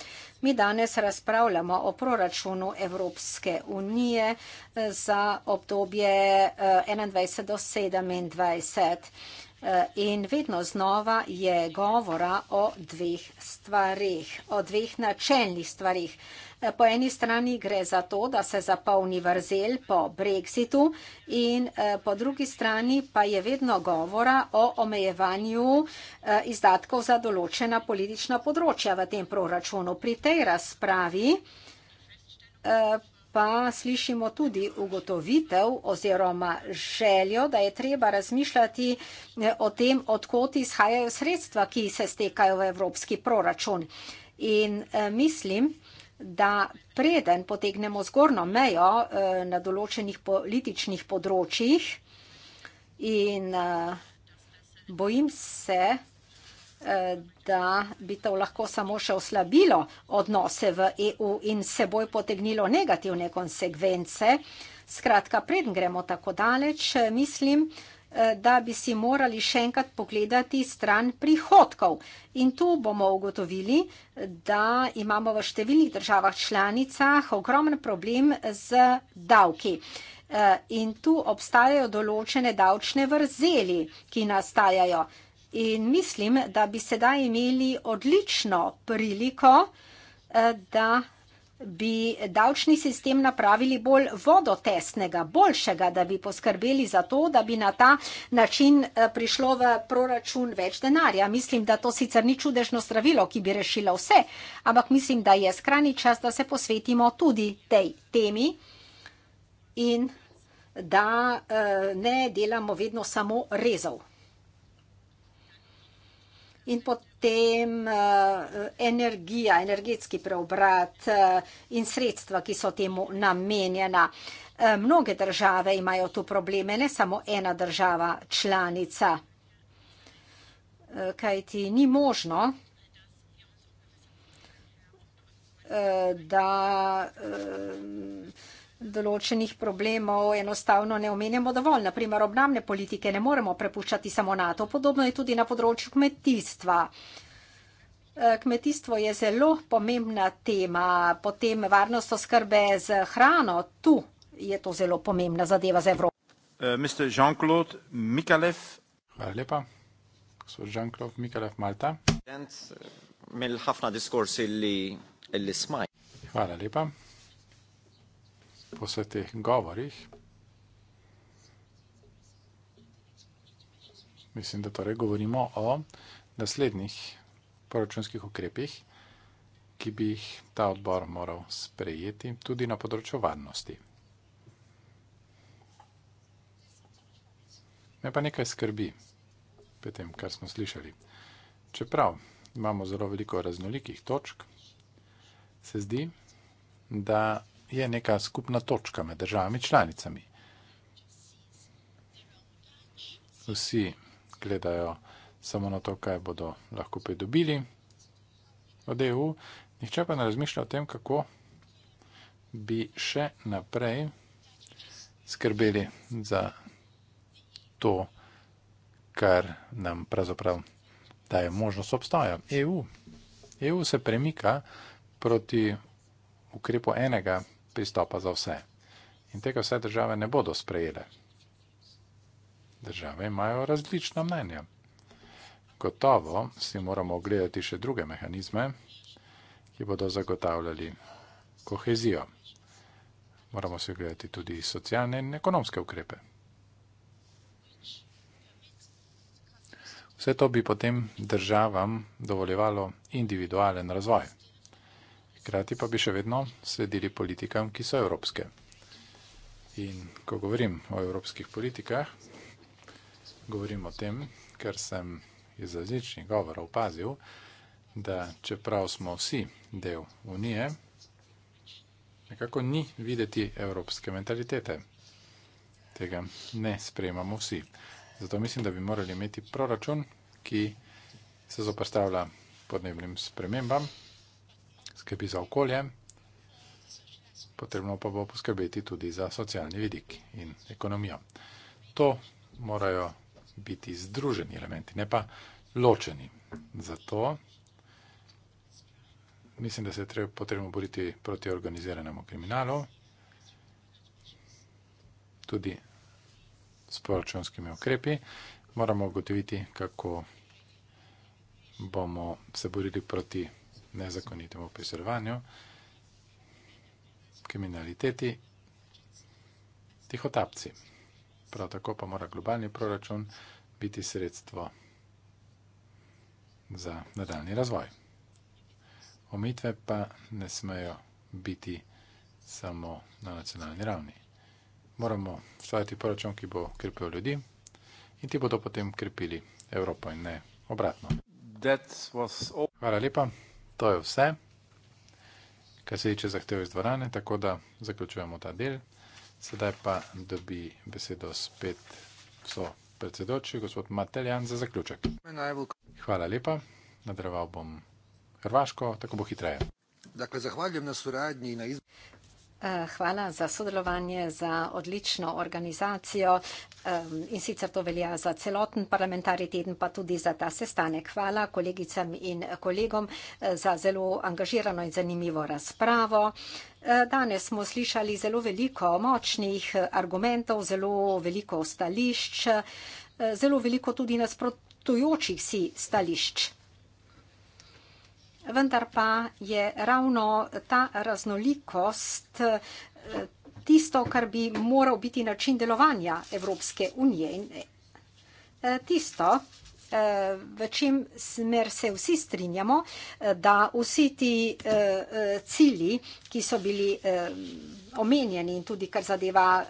Mi danes razpravljamo o proračunu Evropske unije e, za obdobje 2021 do 2027. Eh, in vedno znova je govora o dveh stvarih, o dveh načelnih stvarih. Eh, po eni strani gre za to, da se zapolni vrzel po brexitu in eh, po drugi strani pa je vedno govora o omejevanju izdatkov za določena politična področja v tem proračunu. Pri tej razpravi pa slišimo tudi ugotovitev oziroma željo, da je treba razmišljati eh, o tem, odkot izhajajo sredstva, ki se stekajo v evropski proračun. In eh, mislim, da preden potegnemo zgornjo mejo eh, na določenih političnih področjih in bojim se, da bi to lahko samo še oslabilo odnose v EU in seboj potegnilo negativne konsekvence. Skratka, preden gremo tako daleč, mislim, da bi si morali še enkrat pogledati stran prihodkov. In tu bomo ugotovili, da imamo v številnih državah članicah ogromen problem z davki. Eh, in tu obstajajo določene davčne vrzeli, ki nastajajo. In mislim, da bi sedaj imeli odlično priliko, eh, da bi davčni sistem napravili bolj vodotesnega, boljšega, da bi poskrbeli za to, da bi na ta način eh, prišlo v proračun več denarja. Mislim, da to sicer ni čudežno zdravilo, ki bi rešilo vse, ampak mislim, da je skrajni čas, da se posvetimo tudi tej temi in da eh, ne delamo vedno samo rezov in potem eh, energija, energetski preobrat eh, in sredstva, ki so temu namenjena. Eh, mnoge države imajo tu probleme, ne samo ena država članica, kaj ti ni možno, da vsega, določenih problemov enostavno ne omenjamo dovolj. Naprimer, obnamne politike ne moremo prepuščati samo NATO. Podobno je tudi na področju kmetijstva. E, kmetijstvo je zelo pomembna tema, potem varnost oskrbe z hrano, tu je to zelo pomembna zadeva za Evropo. E, Hvala lepa. Gospod Jean-Claude Mikalev, Malta. E, Hvala lepa po vseh teh govorih. Mislim, da torej govorimo o naslednjih poročunskih ukrepih, ki bi jih ta odbor moral sprejeti tudi na področju varnosti. Me pa nekaj skrbi pri tem, kar smo slišali. Čeprav imamo zelo veliko raznolikih točk, se zdi, da je neka skupna točka med državami članicami. Vsi gledajo samo na to, kaj bodo lahko pridobili od EU. Nihče pa ne razmišlja o tem, kako bi še naprej skrbeli za to, kar nam pravzaprav daje možnost obstoja. EU. EU se premika proti ukrepu enega pristopa za vse. In tega vse države ne bodo sprejele. Države imajo različna mnenja. Gotovo si moramo ogledati še druge mehanizme, ki bodo zagotavljali kohezijo. Moramo se ogledati tudi socialne in ekonomske ukrepe. Vse to bi potem državam dovoljevalo individualen razvoj hkrati pa bi še vedno sledili politikam, ki so evropske. In ko govorim o evropskih politikah, govorim o tem, ker sem iz različnih govora opazil, da čeprav smo vsi del Unije, nekako ni videti evropske mentalitete. Tega ne sprejemamo vsi. Zato mislim, da bi morali imeti proračun, ki se zoprstavlja podnebnim spremembam skrbi za okolje, potrebno pa bo poskrbeti tudi za socialni vidik in ekonomijo. To morajo biti združeni elementi, ne pa ločeni. Zato mislim, da se je potrebno boriti proti organiziranemu kriminalu, tudi s proračunskimi ukrepi. Moramo ugotoviti, kako bomo se borili proti nezakonitemu priseljevanju, kriminaliteti, tihotapci. Prav tako pa mora globalni proračun biti sredstvo za nadaljni razvoj. Omitve pa ne smejo biti samo na nacionalni ravni. Moramo stvariti proračun, ki bo krpil ljudi in ti bodo potem krpili Evropo in ne obratno. Hvala lepa. To je vse, kar se tiče zahtev iz dvorane, tako da zaključujemo ta del. Sedaj pa dobi besedo spet so predsedoči, gospod Mateljan, za zaključek. Hvala lepa, nadaljeval bom Hrvaško, tako bo hitreje. Dakle, zahvaljujem na suradnji in na izboru. Eh, hvala za sodelovanje, za odlično organizacijo in sicer to velja za celoten parlamentarni teden, pa tudi za ta sestanek. Hvala kolegicam in kolegom eh, za zelo angažirano in zanimivo razpravo. Eh, danes smo slišali zelo veliko močnih argumentov, zelo veliko stališč, zelo veliko tudi nasprotujočih si stališč vendar pa je ravno ta raznolikost eh, tisto, kar bi moral biti način delovanja Evropske unije. Eh, tisto, Eh, v čimer se vsi strinjamo, eh, da vsi ti eh, cilji, ki so bili omenjeni in tudi kar zadeva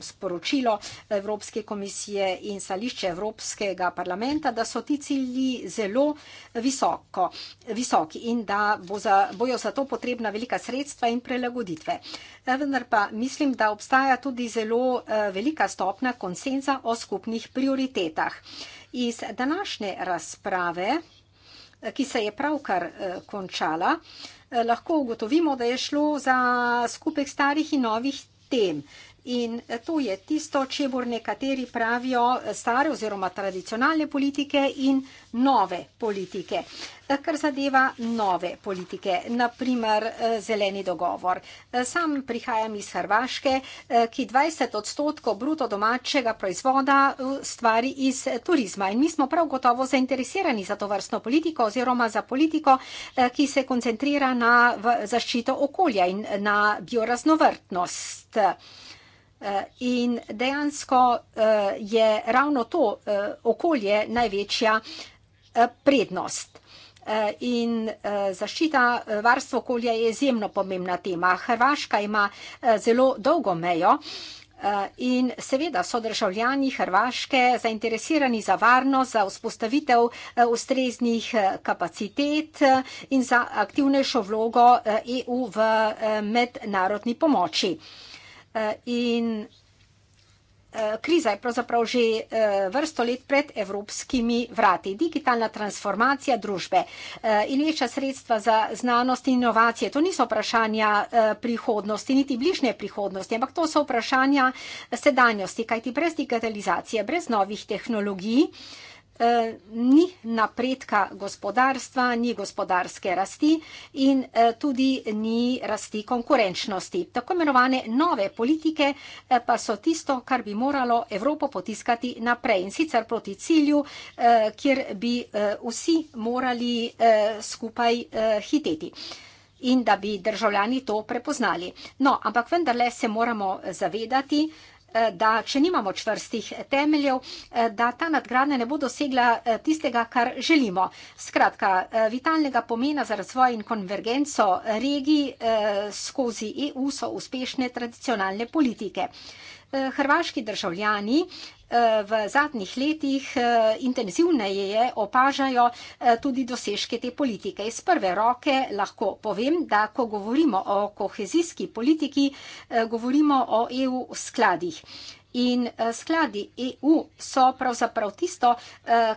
sporočilo Evropske komisije in stališče Evropskega parlamenta, da so ti cilji zelo visoko, visoki in da bo za, bojo za to potrebna velika sredstva in prelagoditve. Vendar pa mislim, da obstaja tudi zelo velika stopna konsenza o skupnih prioritetah. Iz današnje razprave, ki se je pravkar eh, končala, eh, lahko ugotovimo, da je šlo za skupek starih in novih tem. In eh, to je tisto, če bor nekateri pravijo eh, stare oziroma tradicionalne politike in nove politike. Eh, kar zadeva nove politike, naprimer zeleni dogovor. Sam prihajam iz Hrvaške, ki 20 odstotkov bruto domačega proizvoda stvari iz turizma. In mi smo prav gotovo zainteresirani za to vrstno politiko oziroma za politiko, ki se koncentrira na zaščito okolja in na bioraznovrtnost. Eh, in dejansko eh, je ravno to eh, okolje največja prednost. In zaščita, varstvo okolja je izjemno pomembna tema. Hrvaška ima zelo dolgo mejo. In seveda so državljani Hrvaške zainteresirani za varnost, za vzpostavitev ustreznih kapacitet in za aktivnejšo vlogo EU e v mednarodni pomoči. Eh, in eh, kriza je pravzaprav že eh, vrsto let pred evropskimi vrati. Digitalna transformacija družbe in večja sredstva za znanost in inovacije, to niso vprašanja prihodnosti, niti bližnje prihodnosti, ampak to so vprašanja sedanjosti, kajti brez digitalizacije, brez novih tehnologij, Eh, ni napredka gospodarstva, ni gospodarske rasti in eh, tudi ni rasti konkurenčnosti. Tako imenovane nove politike eh, pa so tisto, kar bi moralo Evropo potiskati naprej in sicer proti cilju, kjer bi vsi morali skupaj hiteti in da bi državljani to prepoznali. No, ampak vendarle se moramo zavedati, Eh, da če nimamo čvrstih temeljev, eh, da ta nadgradnja ne bo dosegla eh, tistega, kar želimo. Skratka, vitalnega pomena za razvoj in konvergenco regij skozi EU so uspešne tradicionalne politike. Eh, hrvaški državljani eh, v zadnjih letih eh, intenzivneje opažajo tudi dosežke te politike. Iz prve roke lahko povem, da ko govorimo o kohezijski politiki, govorimo o EU skladih. In skladi EU so pravzaprav tisto,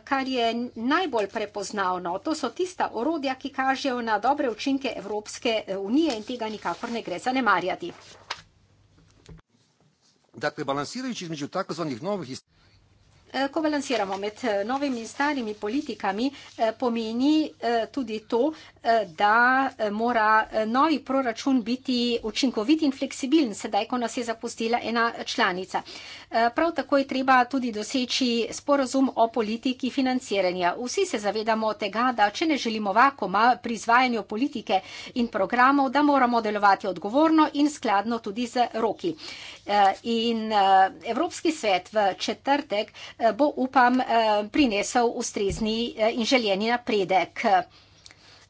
kar je najbolj prepoznavno. To so tista orodja, ki kažejo na dobre učinke Evropske unije in tega nikakor ne gre zanemarjati. Dakle, balansirajući između takozvanih novih i e, Ko balansiramo med e, novimi in starimi politikami, e, pomeni tudi to, da mora novi proračun biti učinkovit in fleksibilen, sedaj, ko nas je zapustila ena članica. Prav tako je treba tudi doseči sporozum o politiki financiranja. Vsi se zavedamo tega, da če ne želimo vakuma pri izvajanju politike in programov, da moramo delovati odgovorno in skladno tudi z roki. E, in e, Evropski svet v četrtek e, bo, upam, prinesel ustrezni in željeni napredek.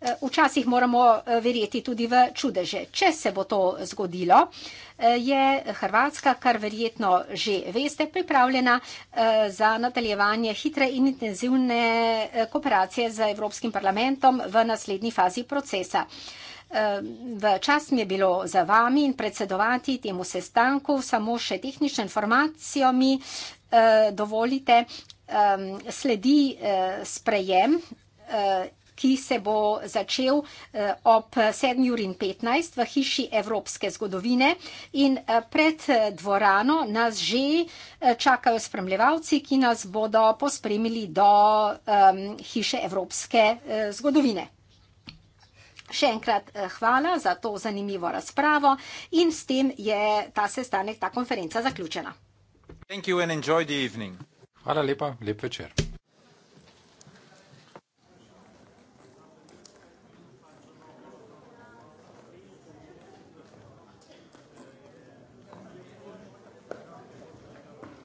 Eh, včasih moramo eh, verjeti tudi v čudeže. Če se bo to zgodilo, eh, je Hrvatska, kar verjetno že veste, pripravljena za nadaljevanje hitre in intenzivne kooperacije z Evropskim parlamentom v naslednji fazi procesa. V čast mi je bilo za vami in predsedovati temu sestanku, samo še tehnično informacijo mi dovolite, sledi sprejem ki se bo začel eh, ob 7.15 v hiši Evropske zgodovine in eh, pred eh, dvorano nas že čakajo spremljevalci, ki nas bodo pospremili do ehm, hiše Evropske zgodovine. Še enkrat hvala za to zanimivo razpravo in s tem je ta sestanek, ta konferenca zaključena. Hvala lepa, lep večer.